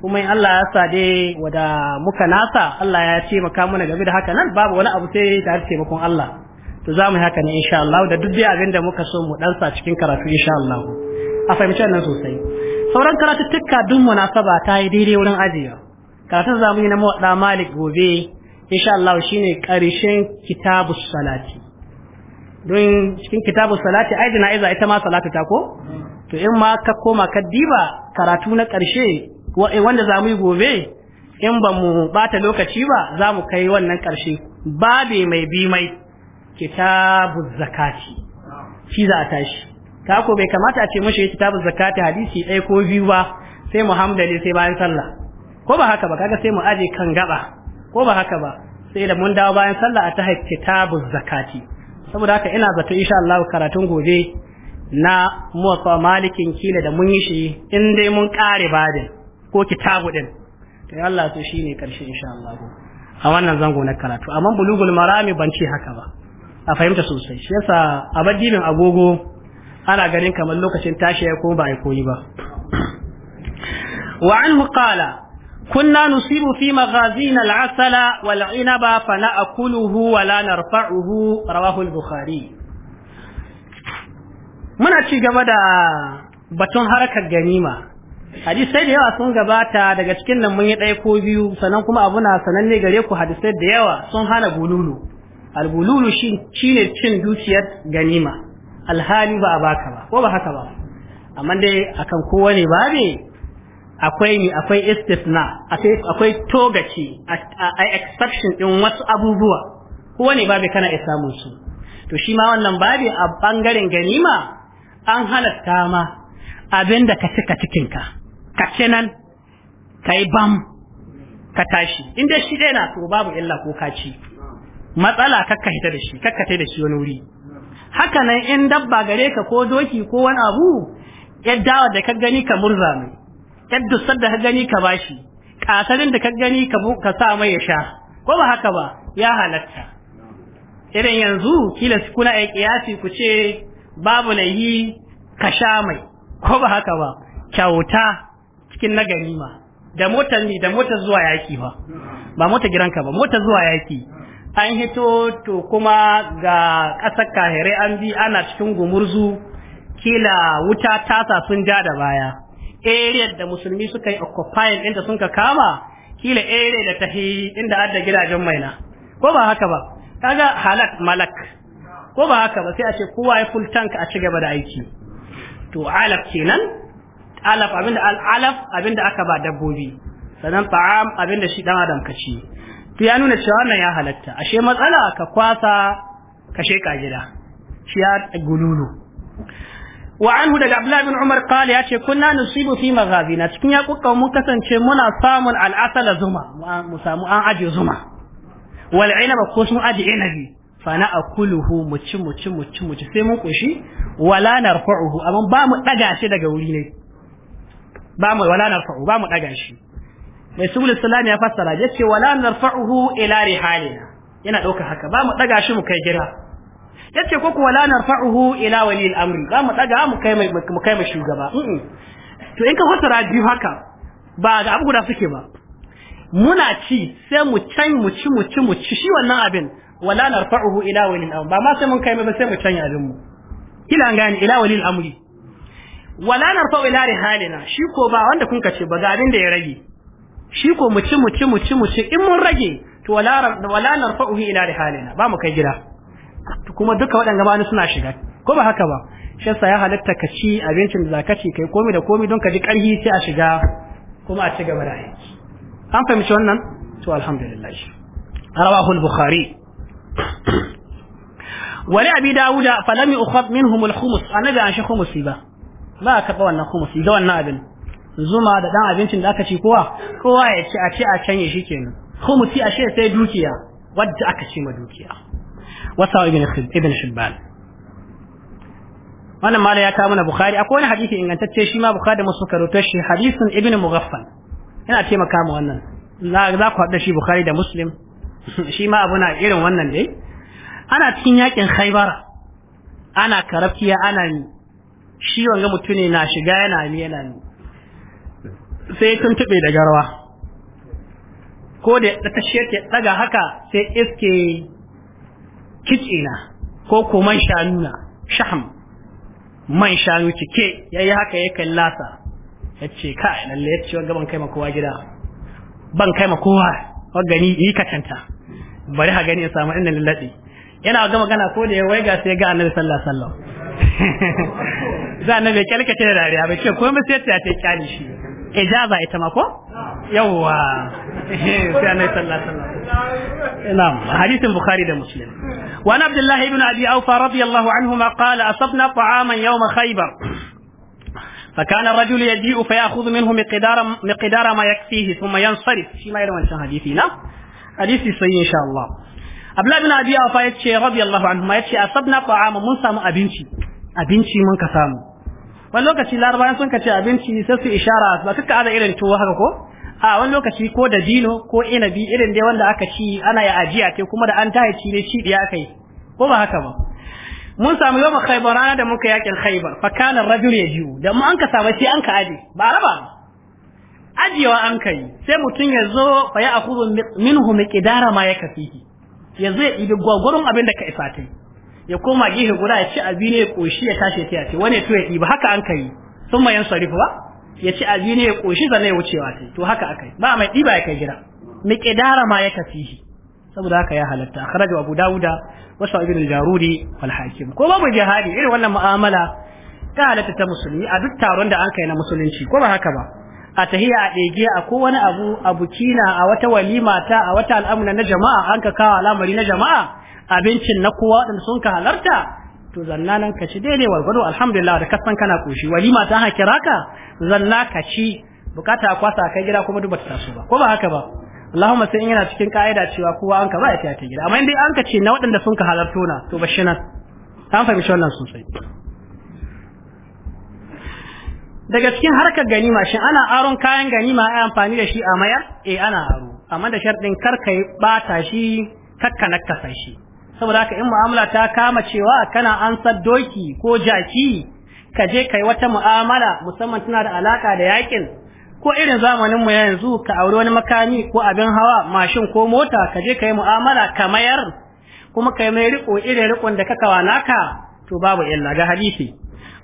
Speaker 1: kuma in Allah ya sa dai wada muka nasa Allah ya ce maka muna game da haka nan babu wani abu sai da har taimakon Allah to za mu yi haka ne insha Allah da duk dai abin da muka so mu dansa cikin karatu insha Allah a fahimci nan sosai sauran tukka dun munasaba ta yi daidai wurin ajiya karatun zamu yi na mawaɗa malik gobe insha Allah ne karshen kitabu salati don cikin kitabu salati ai jana'iza ita ma salatu ta ko to in ma ka koma ka diba karatu na ƙarshe eh, wanda za mu yi gobe in ba mu bata lokaci ba za mu kai wannan karshe babe mai bi mai kitabu zakati shi za a tashi ta ko bai kamata a ce mashi kitabu zakati hadisi ɗaya ko biyu ba sai mu ne sai bayan sallah ko ba haka ba kaga sai mu aje kan gaba ko ba haka ba sai da mun dawo bayan sallah a tahaj kitabuz zakati saboda haka ina zato insha Allah karatun gobe na muwafa malikin kila da mun yi shi in dai mun kare badin ko kitabu din to Allah to shine karshe insha Allah a wannan zango na karatu amma bulugul marami ban ce haka ba a fahimta sosai shi yasa a baddinin agogo ana ganin kamar lokacin tashi ya ko ba ya koyi ba wa anhu kunna nusibu fi maghazina al-asala wal inaba fa na'kuluhu wa la narfa'uhu rawahu al-bukhari muna ci gaba da batun harakar ganima hadisai da yawa sun gabata daga cikin nan mun yi ɗaya ko biyu sannan kuma abu na sananne gare ku hadisai da yawa sun hana bululu albululu shi ne cin dukiyar ganima alhali ba a baka ba ko ba haka ba amma dai akan ba babe akwai ni akwai istisna akwai togaci a exception din wasu abubuwa kowane babu kana iya samun su to shi ma wannan babu a bangaren ganima an halatta ma abinda ka cika cikinka ka ce nan ka bam ka tashi inda shi dai na to babu illa ko ka ci matsala kakka hita da shi kakka tai da shi wani wuri haka nan in dabba gare ka ko doki ko wani abu yadda da ka gani ka murza mai yadda da ka gani ka bashi kasarin da ka gani ka sa mai ya sha ko ba haka ba ya halatta irin yanzu kila kuna a kiyasi ku ce babu yi ka sha mai ko ba haka ba kyauta cikin na ganima da motar ni da motar zuwa yaki ba ba mota gidanka ba mota zuwa yaki an hito to kuma ga ƙasar kahirai an bi ana cikin gumurzu kila wuta tasa sun ja da baya area da musulmi suka yi occupying inda sun ka kama kila area da tahi inda adda gidajen maina ko ba haka ba kaga halak malak ko ba haka ba sai a ce kowa ya full tank a ci gaba da aiki to alaf kenan alaf abinda al alaf abinda aka ba dabbobi sannan ta'am abinda shi dan adam ka ci to ya nuna cewa wannan ya halatta ashe matsala ka kwasa ka sheka gida shi ya gululu wa anhu daga abdullahi bin umar qala yace kunna nusibu fi maghazina cikin yakukan mun kasance muna samun al'asala zuma mu samu an aje zuma wal inaba ko sun aje inabi fa na akuluhu mu ci mu ci mu ci mu ci sai mun koshi wala narfa'uhu amma ba mu daga shi daga wuri ne ba mu wala narfa'u ba mu daga shi mai subul salam ya fassara yace wala narfa'uhu ila rihalina yana dauka haka ba mu daga shi mu kai gida yace ko kuwa la narfa'uhu ila wali al-amri za mu daga mu kai mu kai mu shugaba to in ka fassara biyu haka ba ga abu guda suke ba muna ci sai mu can mu ci mu ci mu ci shi wannan abin wala narfa'uhu ila wali al-amri ba ma sai mun kai mai ba sai mu can abin mu kila an ila wali al-amri wala narfa'u ila rihalina shi ko ba wanda kun kace ba ga abin da ya rage shi ko mu ci mu ci mu ci mu ci in mun rage to wala wala narfa'uhu ila rihalina ba mu kai gida kuma duka waɗanda bani suna shiga ko ba haka ba shi ya halatta ka ci abincin da za zaka ci kai komai da komai don ka ji ƙarfi sai a shiga kuma a ci gaba da aiki an fahimci wannan to alhamdulillah rawahu al-bukhari wani abi dawuda falami ukhad minhum al-khumus annabi an shi khumusi ba ba ka ba wannan khumusi da wannan abin zuma da dan abincin da aka ci kowa kowa ya ci a ci a canye shikenan a ashe sai dukiya wadda aka ci ma dukiya wasa ibn ibn shibban wannan mala ya kawo mana bukhari akwai wani hadisi ingantacce shi ma bukhari da musu karutar shi hadisin ibn mughaffal yana maka mu wannan za ku haɗa shi bukhari da muslim shi ma abu na irin wannan dai ana cikin yakin khaibara ana karafiya ana ni shi wanga mutum ne na shiga yana ni yana ni sai tube da garwa ko da ta shirke daga haka sai iske kitsina ko ko man shanuna shaham man shanu cike yayi haka ya kallasa yace kai lalle yace wanga ban kai ma kowa gida ban kai ma kowa gani yi katanta bari ha gani ya samu inna lillahi yana ga magana ko da ya ga sai ga annabi sallallahu alaihi wasallam za annabi kalkace da dariya ba ce komai sai ta ta kyali shi ijaza ita ma ko yawwa sai annabi sallallahu alaihi wasallam
Speaker 2: نعم حديث البخاري ده
Speaker 1: مسلم وعن عبد الله بن ابي اوفى رضي الله عنهما قال اصبنا طعاما يوم خيبر فكان الرجل يجيء فياخذ منه مقدار مقدار ما يكفيه ثم ينصرف فيما يروى عن حديثي لا حديث سي ان شاء الله عبد الله بن ابي اوفى يتشي رضي الله عنهما يتشي اصبنا طعاما من سام ابنشي ابنشي من كسامو wani lokaci larabayan sun ka ce abinci sai su ishara ba kakka ada irin tuwo haka ko a wani lokaci ko da dino ko inabi irin dai wanda aka ci ana ya ajiya ce kuma da an tayi ci ne ci diya kai ko ba haka ba mun samu yau khaibar ana da muka yakin khaibar fa kana rajul yajiu da mu an ka samu sai an ka aje ba raba ajiyewa an kai sai mutum ya zo fa ya akhudhu minhu miqdara ma yakfihi yanzu ya ibi gwagwarin abin da ka isa ta ya koma gihe guda ya ci abi ne ya koshi ya tashi ta ce, wani to ya ibi haka an kai sun mayan sarifu ba ya ci abi ne ya koshi zane ya wucewa to haka akai ba mai diba ya kai gida miqdara ma ya kafihi saboda haka ya halatta akhrajahu abu dauda wa sa'ib ibn jarudi wal hakim ko babu jihadi irin wannan mu'amala ta halatta ta musulmi a duk taron da an kai na musulunci ko ba haka ba a tahiya a ɗege a ko wani abu a bukina a wata walima ta a wata al'amuna na jama'a an ka kawo al'amari na jama'a abincin na kowa waɗanda sun ka halarta to zanna nan ka ci daidai wargwado alhamdulillah da kasan kana koshi walima ta haka raka zanna ka ci bukata a kwasa kai gida kuma duk ta taso ba ko ba haka ba Allahumma sai in yana cikin ka'ida cewa kowa an ka ba ya ta gida amma indai an ka ce na waɗanda sun ka halarto na to bashi nan an fahimci wannan sosai daga cikin harkar ganima shin ana aron kayan ganima a amfani da shi a mayar eh ana aro amma da sharɗin kar ka bata shi kakka nakasa saboda haka in mu'amala ta kama cewa kana ansar doki ko jaki ka je kai wata mu'amala musamman tana da alaka da yakin ko irin zamanin mu yanzu ka aure wani makami ko abin hawa mashin ko mota ka je kai mu'amala ka mayar kuma kai mai riko irin rikon da kaka wanaka to babu illa ga hadisi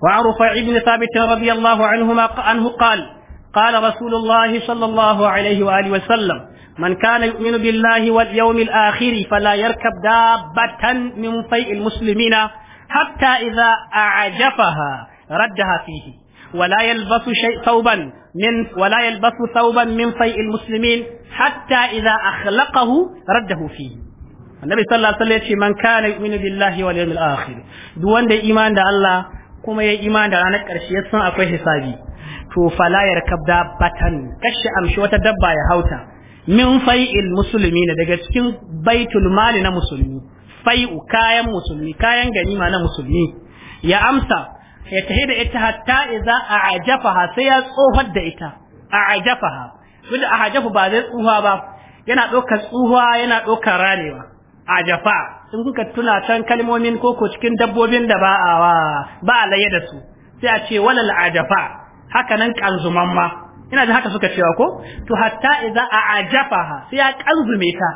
Speaker 1: wa arufa ibn thabit radiyallahu anhu ma anhu qala قال رسول الله صلى الله عليه وآله وسلم من كان يؤمن بالله واليوم الآخر فلا يركب دابة من فيء المسلمين حتى إذا أعجفها ردها فيه ولا يلبس شيء ثوبا من ولا يلبس ثوبا من فيء المسلمين حتى إذا أخلقه رده فيه النبي صلى الله عليه وسلم يقول من كان يؤمن بالله واليوم الآخر دون إيمان دا الله كما يؤمن دا أنا كرشية سنة أكوي حسابي to falayar kabda batan kashe amshi wata dabba ya hauta min fai'il musulmi ne daga cikin baitul mali na musulmi fai'u kayan musulmi kayan ganima na musulmi ya amsa ya tahi da ita hatta idza a'jafaha sai ya tsohar da ita a'jafaha duk da a'jafu ba zai tsuha ba yana ɗaukar tsuha yana ɗaukar ranewa a'jafa in kuka tuna can kalmomin koko cikin dabbobin da ba a ba a laye da su sai a ce walal a'jafa haka nan kanzuman ma ina da haka suka cewa ko to hatta idza a'jafaha sai ya kanzume ta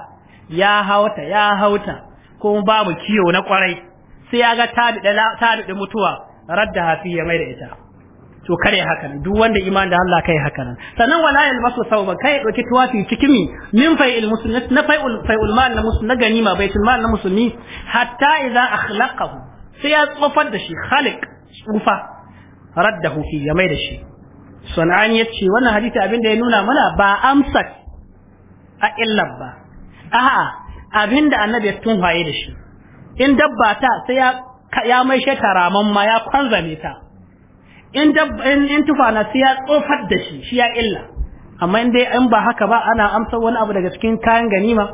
Speaker 1: ya hauta ya hauta ko babu kiyo na kwarai sai ya ga ta da mutuwa radda hafi ya mai da ita to kare haka nan duk wanda iman da Allah kai haka nan sannan wala masu sauba kai doki tuwafi cikin mi min fa'il muslim na fa'il fa'il mal na muslim na ganima baitul mal na musulmi hatta idza akhlaqahu sai ya tsofar da shi khaliq tsufa raddahu fi ya mai da shi sana'an ya ce wannan hadisi abin da ya nuna mana ba amsa a illar ba a'a abin da annabi ya tunhaye da shi in dabba ta sai ya ya mai shi taraman ma ya kwanzame ta in dabba in, in tufana sai ya tsofar da shi shi ya illa amma in dai in ba haka ba ana amsa wani abu daga cikin kayan ganima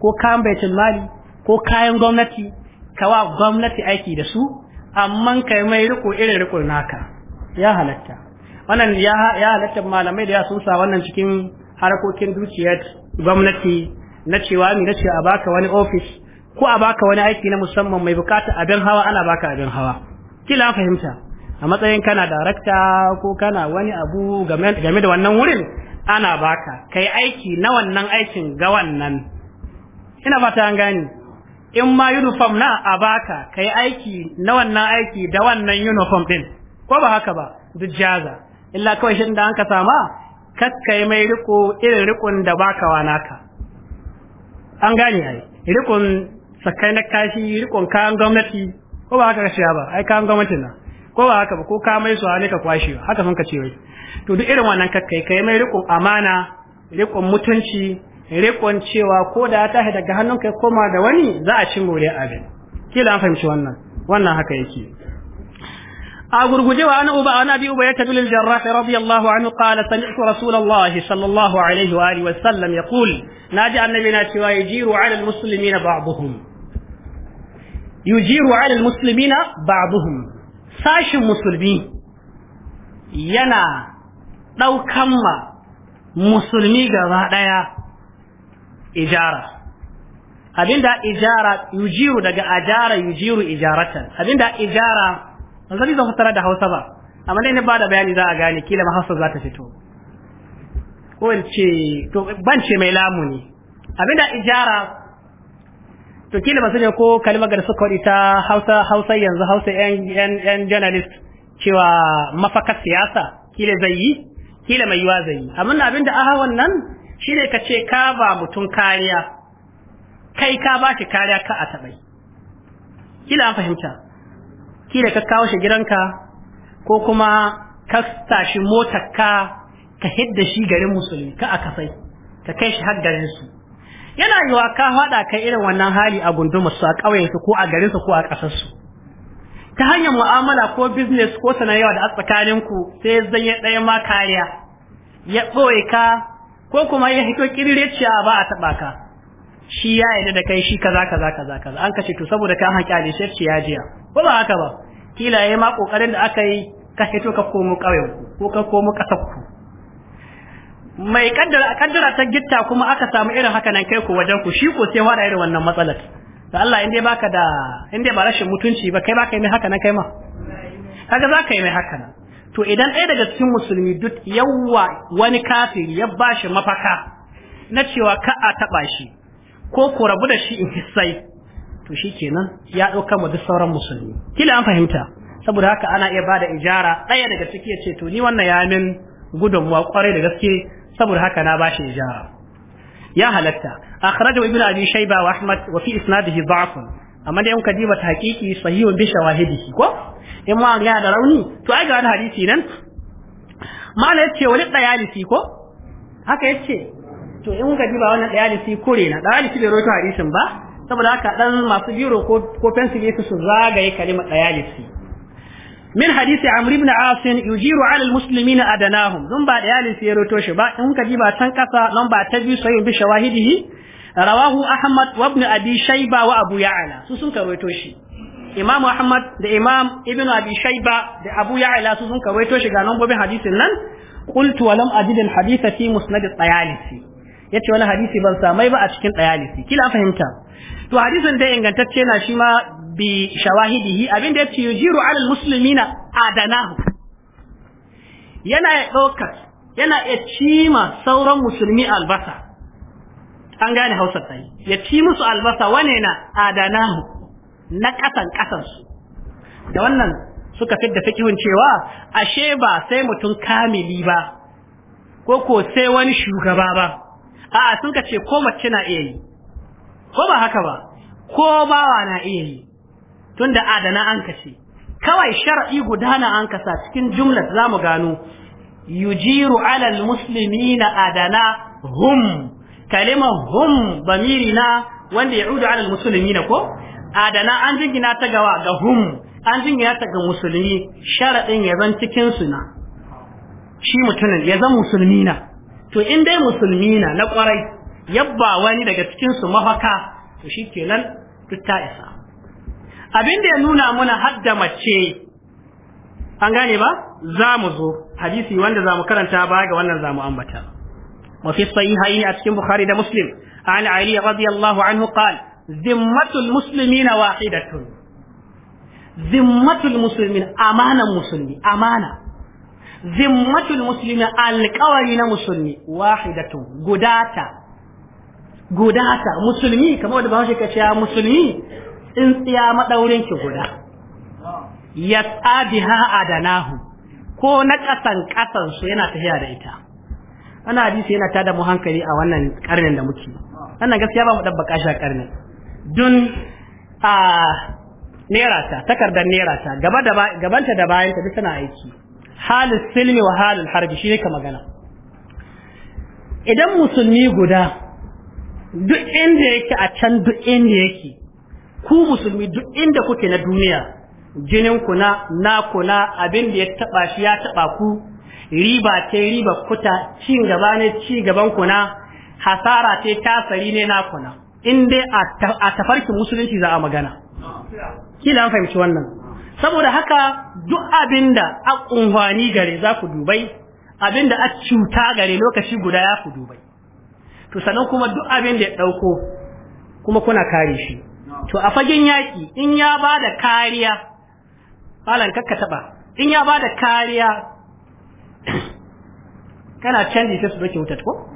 Speaker 1: ko kayan baitul mali ko kayan gwamnati kawa gwamnati aiki da su amma kai mai riko irin riko naka ya halatta wannan ya halatta malamai da ya sun wannan cikin harkokin dukiyar gwamnati na cewa ne na ce a baka wani ofis ko a baka wani aiki na musamman mai bukata abin hawa ana baka abin hawa kila fahimta a matsayin kana darakta ko kana wani abu game da wannan wurin ana baka kai aiki na wannan aikin ga wannan ina fata an gani in ma uniform na a baka kai aiki na wannan aiki da wannan uniform din ko ba haka ba duk jaza illa kawai shin da an ka sama kakkai mai riko irin rikon da baka wa naka an gane ai rikon sakai na kashi rikon kayan gwamnati ko ba haka kashiya ba ai kayan gwamnati na ko ba haka ba ko ka mai su ne ka kwashi haka sun ka ce wai to duk irin wannan kakkai kai mai rikon amana rikon mutunci rikon cewa ko da ta daga hannun kai koma da wani za a ci moriyar abin kila an fahimci wannan wannan haka yake a gurguje wa uba ana bi uba ya tafi lil jarrah radiyallahu anhu qala sami'tu rasulullah sallallahu alaihi wa wa sallam yaqul naji annabi na cewa yujiru ala almuslimina ba'dhum yujiru ala almuslimina ba'dhum sashin musulmi yana ɗaukan ma musulmi gaba daya ijara abinda ijara yujiru daga ajara yujiru ijaratan abinda ijara nazari zan fassara da hausa ba amma dai ne ba da bayani za a gane kila ma hausa za ta fito ko in ce to ban ce mai lamuni abinda ijara to kila ba su ne ko kalmar da suka wadi ta hausa hausa yanzu hausa yan yan journalist cewa mafakar siyasa kila zai yi kila mai yiwa zai yi amma abinda aha wannan shine ka ce ka ba mutum kariya kai ka ba shi kariya ka a taɓai. kila an fahimta da ka kawo shi gidanka ko kuma ka tashi motar ka ka hidda shi garin musulmi ka a kasai ka kai shi har garin su yana yiwa ka faɗa kai irin wannan hali a gundumar su a ƙauyen su ko a garin su ko a ƙasar su ta hanyar mu'amala ko business ko yawa da tsakanin ku sai zan ya ɗaya ma kariya ya ɓoye ka ko kuma ya hito a ba a taɓa ka shi ya yarda da kai shi kaza kaza kaza kaza an kace to saboda ka haƙi a sai ya jiya ko ba haka ba kila yayi ma kokarin da aka yi ka hito ka komo kawai ko ka komo ƙasar mai kaddara kaddara ta gitta kuma aka samu irin haka nan kai ku wajen ku shi ko sai wada irin wannan matsalar da Allah in dai baka da in ba rashin mutunci ba kai baka yi mai haka nan kai ma kaga zaka yi mai haka nan to idan ɗaya daga cikin musulmi duk yawa wani kafiri ya bashi mafaka na cewa ka a taɓa shi ko ku rabu da shi in hissai to kenan ya ɗauka ma duk sauran musulmi kila an fahimta saboda haka ana iya bada ijara ɗaya daga ciki ya ce to ni wannan ya min gudunmuwa kwarai da gaske saboda haka na bashi ijara ya halatta akhrajahu ibnu abi shayba wa ahmad wa fi isnadihi da'fun amma dai in ka diba tahqiqi sahihun bi shawahidihi ko in ma ya da rauni to ai ga wani hadisi nan mala yace wani dayalisi ko haka yace to in ka diba wannan dayalisi kore na dayalisi bai rawaito hadisin ba saboda haka dan masu biro ko pencil yake su zagaye kalima dayalisi min hadisi amr ibn as yujiru ala almuslimina adanahum dun ba dayalisi ya roto shi ba in ka ji ba san kasa lamba ta biyu sai bi shawahidihi rawahu ahmad wa ibn abi shayba wa abu ya'la su sun karwaito shi imam ahmad da imam ibn abi shayba da abu ya'la su sun shi ga nan gobin hadisin nan qultu wa lam ajid alhaditha yace wani hadisi ban samai ba a cikin dayalisi kila fahimta to hadisin da ingantacce na shi ma bi shawahidihi abinda yace yujiru alal muslimina adanahu yana ya ɗaukar yana ya cima sauran musulmi albasa an gane hausa ta ya ci musu albasa wane na adanahu na ƙasan ƙasansu da wannan suka fidda fikihun cewa ashe ba sai mutum kamili ba ko ko sai wani shugaba ba a'a sun ka ce ko mace na iya yi ko ba haka ba ko bawa na iya yi tunda adana an kace kawai shar'i guda na an kasa cikin jumlar mu gano yujiru alal muslimina adana hum kalimar hum bamiri na wanda ya udu alal musulmi ko adana an jingina ta gawa ga hum an jingina ta ga musulmi sharaɗin ya zan cikin suna shi mutumin ya zan musulmi na to in dai musulmi na na kwarai yabba wani daga cikin su mafaka to shikenan duk ta isa abin da ya nuna muna hadda mace an gane ba za mu zo hadisi wanda za mu karanta ba ga wannan za mu ambata wa fi sahihaini a cikin bukhari da muslim an ali radiyallahu anhu qala zimmatul muslimina wahidatun zimmatul muslimin amanan musulmi amana zimmatul muslimi alƙawari na musulmi wahidatun gudata gudata musulmi kamar da bahaushe ka cewa musulmi tsintsiya madaurin ki guda yas'a biha adanahu ko na ƙasan ƙasan su yana tafiya da ita ana hadisi yana tada mu hankali a wannan karnin da muke wannan gaskiya ba mu dabbaka shi a karnin dun a nera ta takardar nera ta gaba da gabanta da duk tana aiki halin silmi wa halin harbi shi ne ka magana idan musulmi guda duk inda yake a can duk inda yake ku musulmi duk inda kuke na duniya jinin kuna na kuna na abin da ya taba shi ya taba ku riba ce riba kuta ci gaba ne ci gaban kuna, hasara hasara ce tasari ne na na in dai a tafarkin musulunci za a magana kila an fahimci wannan saboda haka duk da a ƙunfani gare za ku dubai abinda a cuta gare lokaci guda ya ku dubai to sannan kuma duk da ya dauko kuma kuna kare shi to a fagen yaki in ya bada kariya alan kakka taba in ya bada kariya kana canji sai su doke wutar ko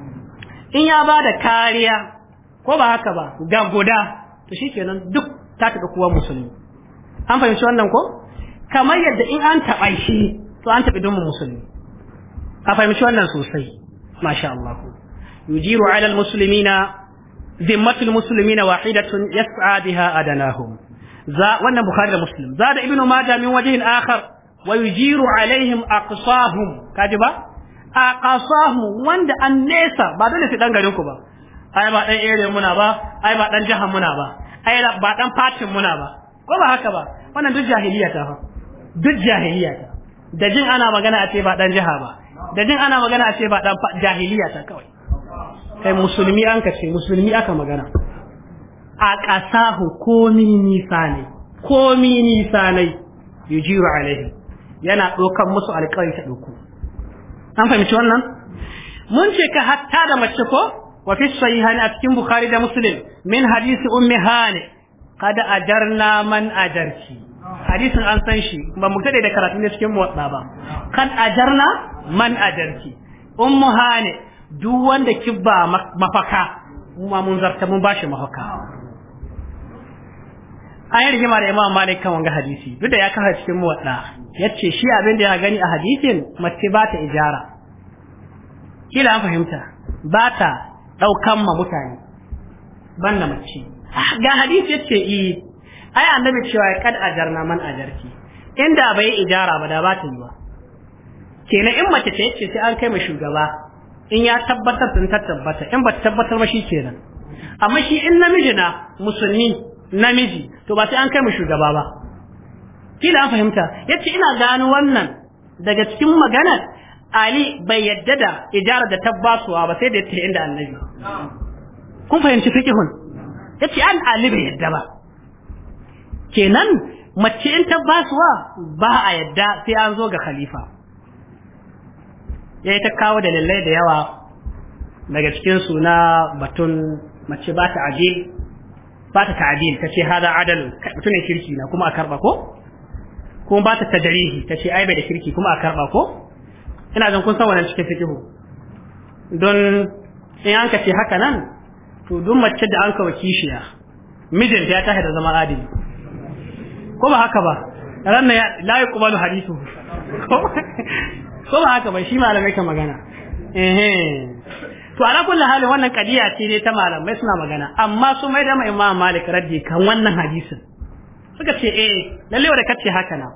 Speaker 1: in ya bada kariya ko ba haka ba ga guda to shikenan duk ta taɓa kowa musulmi an fahimci wannan ko kamar yadda in an taɓa shi to an taɓi dumin musulmi a fahimci wannan sosai masha Allah yujiru ala almuslimina zimmatul muslimina wahidatun yas'a biha adanahum za wannan bukhari da muslim za da ibnu majah min wajhin akhar wa yujiru alaihim aqsahum kaji ba aqasahum wanda an nesa ba dole sai dan garin ku ba ai ba dan area muna ba ai ba dan jihar muna ba ai ba dan fatin muna ba ko ba haka ba wannan duk jahiliya ta fa duk jahiliya ta da jin ana magana a ce ba dan jiha ba da jin ana magana a ce ba dan jahiliya ta kawai kai musulmi an ka ce musulmi aka magana a ƙasahu komi nisa ne komi nisa ne yujiru alaihi yana ɗaukar musu alƙawari ta ɗauko an fahimci wannan mun ce ka hatta da mace ko wa fi sahihani a cikin bukhari da muslim min hadisi ummi hani kada ajarna man ajarki hadisin an san shi ba mu tade da karatu ne cikin motsa ba kan ajarna man ajarki ummu hane duk wanda kibba mafaka kuma mun zarta mun bashi mafaka an yi rigima da imam malik kan wanga hadisi duk da ya kafa cikin ya yace shi abin da ya gani a hadisin mace ba ta ijara kila an fahimta ba ta daukan ma mutane ban na mace ga hadisi yace i eh, ai annabi cewa kad ajarna man ajarki inda bai ijara ba da ba ta yi ba kenan in mace ta yace sai an kai ma shugaba in ya tabbatar sun ta tabbata in ba ta tabbatar ba shi kenan amma shi in namiji na musulmi namiji to ba sai an kai mu shugaba ba kila an fahimta yace ina gano wannan daga cikin maganar Ali bai yadda da ijara da tabbasuwa ba sai da yace inda annabi kun fahimci fikihun ce an ali bai yadda ba kenan mace in ta basuwa ba a yadda sai an zo ga khalifa yayi ta kawo dalilai da yawa daga cikin suna batun mace ba ta aje ba ta ta'adil ce hada adal mutum ne kirki na kuma a karba ko kuma ba ta tajarihi ce ai bai da kirki kuma a karba ko ina jin kun san wannan cikin fikihu don in an ka ce haka nan to duk mace da an kawo kishiya mijin ya tashi da zama adili ko ba haka ba Ran ya la yuqbalu hadithu ko ba haka ba shi malamai ka magana eh to ala kullu hali wannan kadiya ce ne ta malamai suna magana amma su mai da mai Imam Malik radi kan wannan hadisin suka ce eh lalle da kace haka na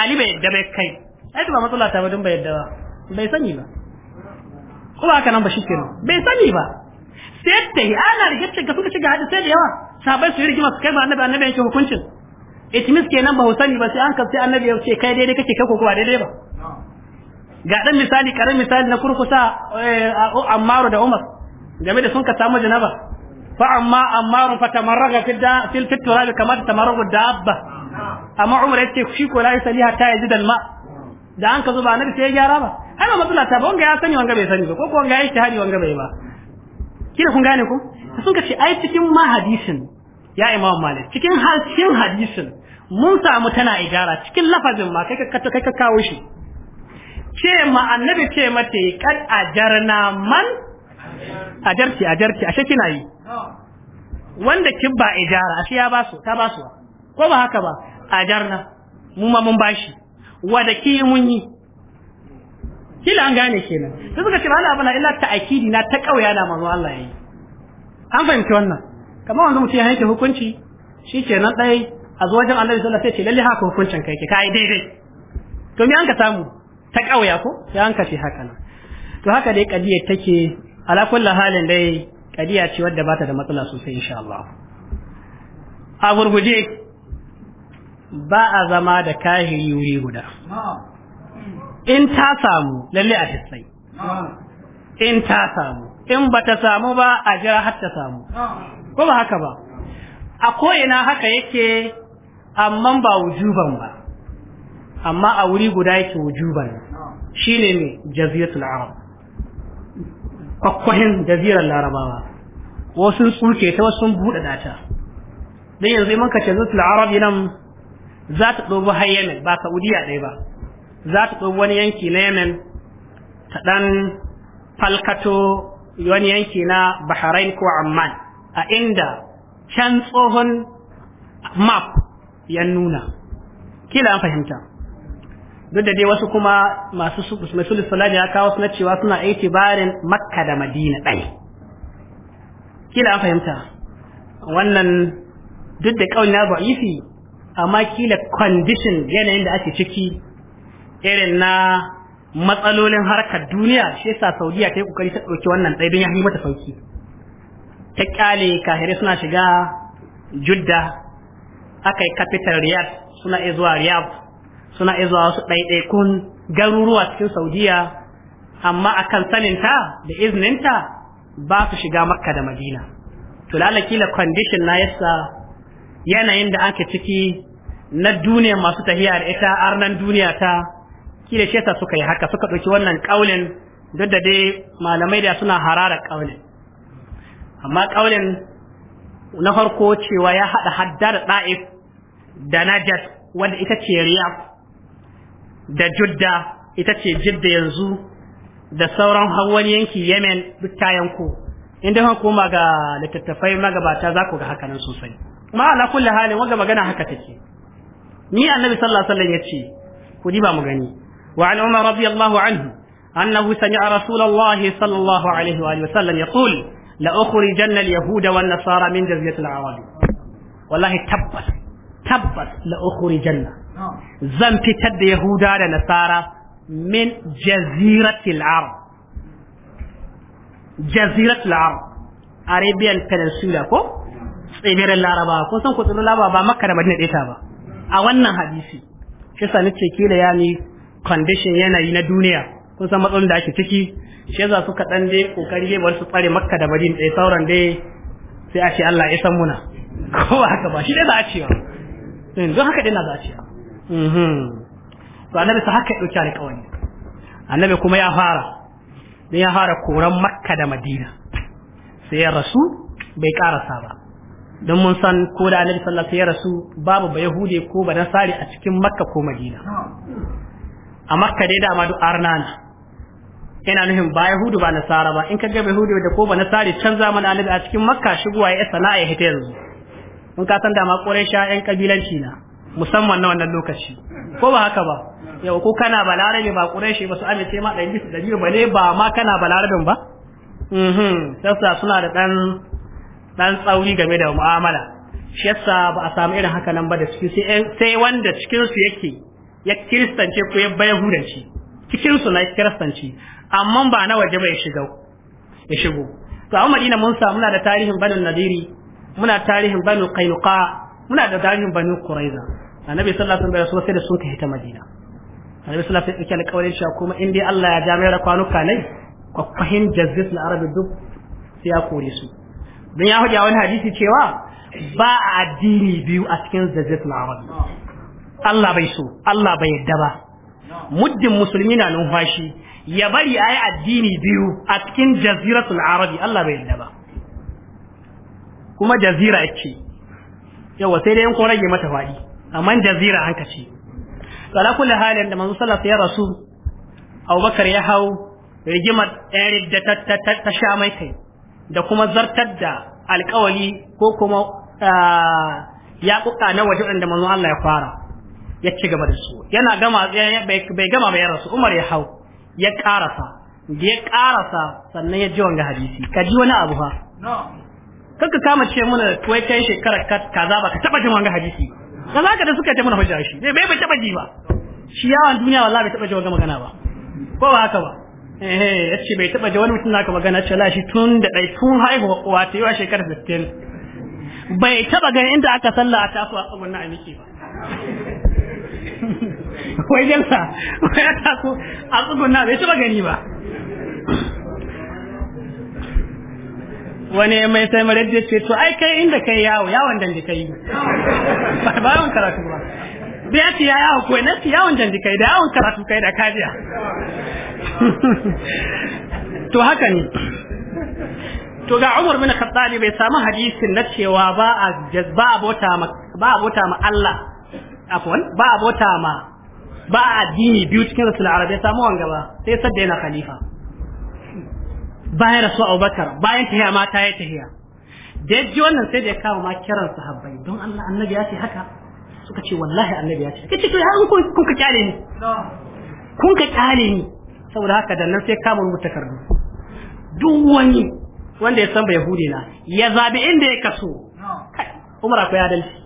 Speaker 1: Ali bai yadda bai kai ai ba matsala ta ba dun bai yadda ba bai sani ba ko ba haka nan ba shikenan bai sani ba sai ta yi ana rigice ga suka shiga hadisai da yawa sabai su yi rigima su kai ba annabi annabi yake hukuncin itimis kenan ba sani ba sai an kafa sai annabi ya ce kai daidai kake kai ko ba daidai ba ga dan misali karamin misali na kurkusa eh, Ammaru da Umar game da sun ka samu janaba fa amma Ammaru fa tamarraga fi da fil fitrab kamar tamarragu dabba amma Umar yace shi ko lai saliha ta yaji dal ma da an ka zuba annabi sai ya gyara ba ai ba matsala ta ba wanga ya sani wanga bai sani ba ko ko wanga ya shi hari wanga bai ba Kina kun gane ko sun ce ai cikin ma hadisin ya imam malik cikin cikin hadisin mun samu tana igara cikin lafazin ma kai ka kai ka kawo shi ce ma annabi ce mata kad ajarna man ajarti ajarti ashe kina yi wanda ba igara ashe ya basu ta basu ko ba haka ba ajarna mu ma mun bashi wa da ki mun yi kila an gane kenan sai suka ce wala bana illa ta'akidi na ta kauya da manzo Allah yayi an fahimci wannan kamar wanda mutum ya yanke hukunci shi kenan dai a zo wajen Allah sallallahu alaihi wasallam sai ce lalle haka hukuncin kai ke kai dai to me an ka samu ta kauya ko sai an ka ce haka nan to haka dai kadiyar take ala kulli halin dai kadiya ce wadda bata da matsala sosai insha Allah a gurguje ba a zama da kahiri wuri guda in ta samu lalle a tisai in ta samu in ba ta samu ba a jira har ta samu ko ba haka ba a ko'ina haka yake amma ba wujuban ba amma a wuri guda yake wujuban shine ne jaziratul arab kwakwahin jazirar larabawa wasu tsuke ta wasu buɗe data dan yanzu mun ka jaziratul arab nan za ta ɗobi hayyamin ba saudiya ɗaya ba za ta ɗau wani yanki na yamen ta ɗan falkato wani yanki na bahrain ko amman a inda can tsohon map ya nuna kila an fahimta duk da dai wasu kuma masu masu lissalaji ya kawo suna cewa suna aiki barin makka da madina ɗai kila an fahimta wannan duk da ƙauni na ba'ifi amma kila condition yanayin da ake ciki irin na matsalolin harkar duniya shi yasa saudiya ta yi kokari ta dauki wannan ɗaya don ya mata sauki ta kyale kahire suna shiga judda aka yi capital riyadh suna iya zuwa riyadh suna iya zuwa wasu ɗaiɗaikun garuruwa cikin saudiya amma akan saninta da izininta ba su shiga makka da madina to lalakila condition na yasa yanayin da ake ciki na duniya masu tahiya da ita arnan duniya ta kila shi yasa suka yi haka suka ɗauki wannan kaulin duk da dai malamai da suna harara kaulin amma kaulin na farko cewa ya haɗa haddar da'if da najas wanda ita ce riyaf da judda ita ce jidda yanzu da sauran hawan yanki yemen duk ta yanko inda koma ga littattafai magabata za ku ga haka nan sosai kuma ala kulli halin wanda magana haka take ni annabi sallallahu alaihi wasallam yace ku diba mu gani وعن عمر رضي الله عنه أنه سمع رسول الله صلى الله عليه وآله وسلم يقول لأخرجن اليهود والنصارى من جزيرة العرب والله تبت تبت لأخرجن زن تد يهودا ونصارى من جزيرة العرب جزيرة العرب Arabian Peninsula ko tsibirin Laraba ko san ku tsibirin Laraba ba Makka da Madina ɗaya ba يعني condition yanayi na duniya kun san matsalolin da ake ciki shi yasa suka dan dai kokari dai bar su tsare makka da madina dai sauran dai sai a ce Allah ya san muna ko haka ba shi dai za a ce ba eh, don haka dai na za a ce mhm. to annabi sa haka ya dauki alƙawari annabi kuma ya fara dan ya fara koran makka da madina sai ya rasu bai karasa ba don mun san ko da annabi sallallahu alaihi wasallam ya rasu babu ba yahude ko ba nasari a cikin makka ko madina a makka dai dama duk arna ne ina nuhin ba yahudu ba nasara ba in ka ga yahudu da ko ba nasari can zamanin annabi a cikin makka shigowa ya sana'a ya hita yanzu in ka san dama quraisha yan kabilanci na musamman na wannan lokaci ko ba haka ba yau ko kana balarabe ba quraishi ba su amince ma dan bisu da biyu ba ma kana balarabin ba mhm suna da dan dan tsauri game da mu'amala shi yasa ba a samu irin haka nan ba da sai sai wanda cikin su yake ya kiristance ko ya bai yahudanci cikin su na kiristanci amma ba na waje ba ya shiga ya shigo to a madina mun samu muna da tarihin banu nadiri muna tarihin banu qainuqa muna da tarihin banu quraiza annabi sallallahu alaihi wasallam sai da sun kai ta madina annabi sallallahu alaihi wasallam alƙawarin sha kuma in dai Allah ya jami'ar kwanuka ne kwakwahin jazzis na arabi duk sai ya kore su don ya hujja wani hadisi cewa ba addini biyu a cikin jazzis na arabi Allah bai so Allah bai yadda ba muddin musulmi na numfashi ya bari yi addini biyu a cikin jaziratul arabi Allah bai yadda ba kuma jazira ce yawa sai dai in kun rage mata faɗi amma jazira an ka ce ala kulli halin da manzo sallallahu ya rasu Abubakar ya hau rigimar ɗan da ta sha mai kai da kuma zartar da alƙawari ko kuma ah, ya kuka na waje da manzo Allah ya fara ya ci gaba da su yana gama bai gama ba ya rasu Umar ya hau ya karasa da ya karasa sannan ya ji wanga hadisi ka ji wani abu ha kaka kama ce muna wai kai shekara kaza ba ka taba jin wanga hadisi ka za ka da suka ce muna hujja shi bai bai taba ji ba shi yawan duniya wallahi bai taba ji wanga magana ba ko ba haka ba eh, eh ya ce bai taba ji wani mutum naka magana ce la shi tun da dai tun haihuwa ta yi wa shekara 60 bai taba ganin inda aka sallah a tafi a tsabon na amiki ba wai jalsa wai ya taso a tsugunna bai taba gani ba wani mai sai mare da ce to ai kai inda kai yawo yawon dandi kai ba ba yawon karatu ba bai ya ce ya yawo ko na ce yawon dan kai da yawon karatu kai da kajiya to haka ne to ga Umar bin Khattab bai samu hadisin na cewa ba a bota abota ma ba ma Allah afwan ba a bauta ma ba a addini biyu cikin rasul arabiya samu wanga ba sai sadda yana khalifa bayan rasu abubakar bayan tahiya ma ta yi tahiya da ji wannan sai da ya kawo ma kiran sahabbai don Allah annabi ya ce haka suka ce wallahi annabi ya ce kace to ya an kun ka kyale ni kun ka kyale ni saboda haka da nan sai kama mu takardu duk wani wanda ya san bai yahudi na ya zabi inda ya kaso umar akwai adalci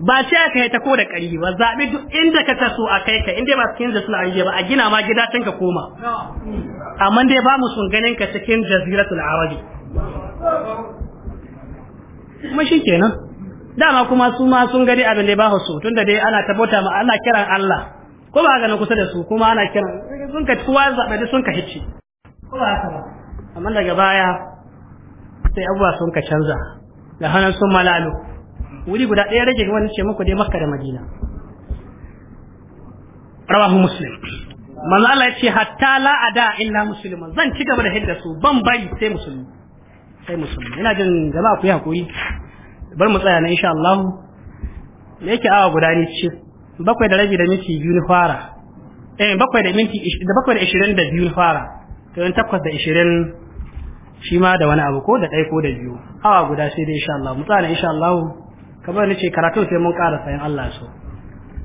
Speaker 1: ba ce aka yi ta ko da ƙari ba zaɓi duk inda ka taso a kai ka inda ba su kinza suna an ba a gina ma gida can ka koma amma dai ba mu sun ganin ka cikin jaziratul arabi kuma shi kenan dama kuma su ma sun gani abin da ba su tun da dai ana tabbata ma ana kiran Allah ko ba ganin kusa da su kuma ana kiran sun ka kuwa zaɓe sun ka hicci ko ba haka ba amma daga baya sai abuwa sun ka canza da hannun sun malalo wuri guda ɗaya rage wani ce muku dai makka da madina rawahu muslim manzo Allah yace hatta la ada illa musliman zan ci gaba da hidda su ban bari sai musulmi sai musulmi ina jin jama'a ku yi hakuri bar mu tsaya na insha Allah me yake awa guda ne ce bakwai da rabi da minti biyu ni fara eh bakwai da minti da bakwai da ishirin da biyu ni fara to in takwas da ishirin shi ma da wani abu ko da ɗaya ko da biyu awa guda sai dai insha Allah mu tsaya na insha Allah kamar ni ce karatun sai mun ƙara sayan Allah so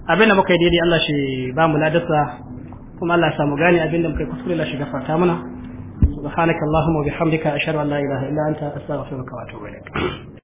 Speaker 1: abin da muka yi daidai Allah shi ba mu ladarsa kuma Allah samu gane abin da muka yi kuskure Allah shi gafarta mana subhanakallahumma wa bihamdika ashhadu an la ilaha
Speaker 2: illa anta astaghfiruka wa atubu ilaik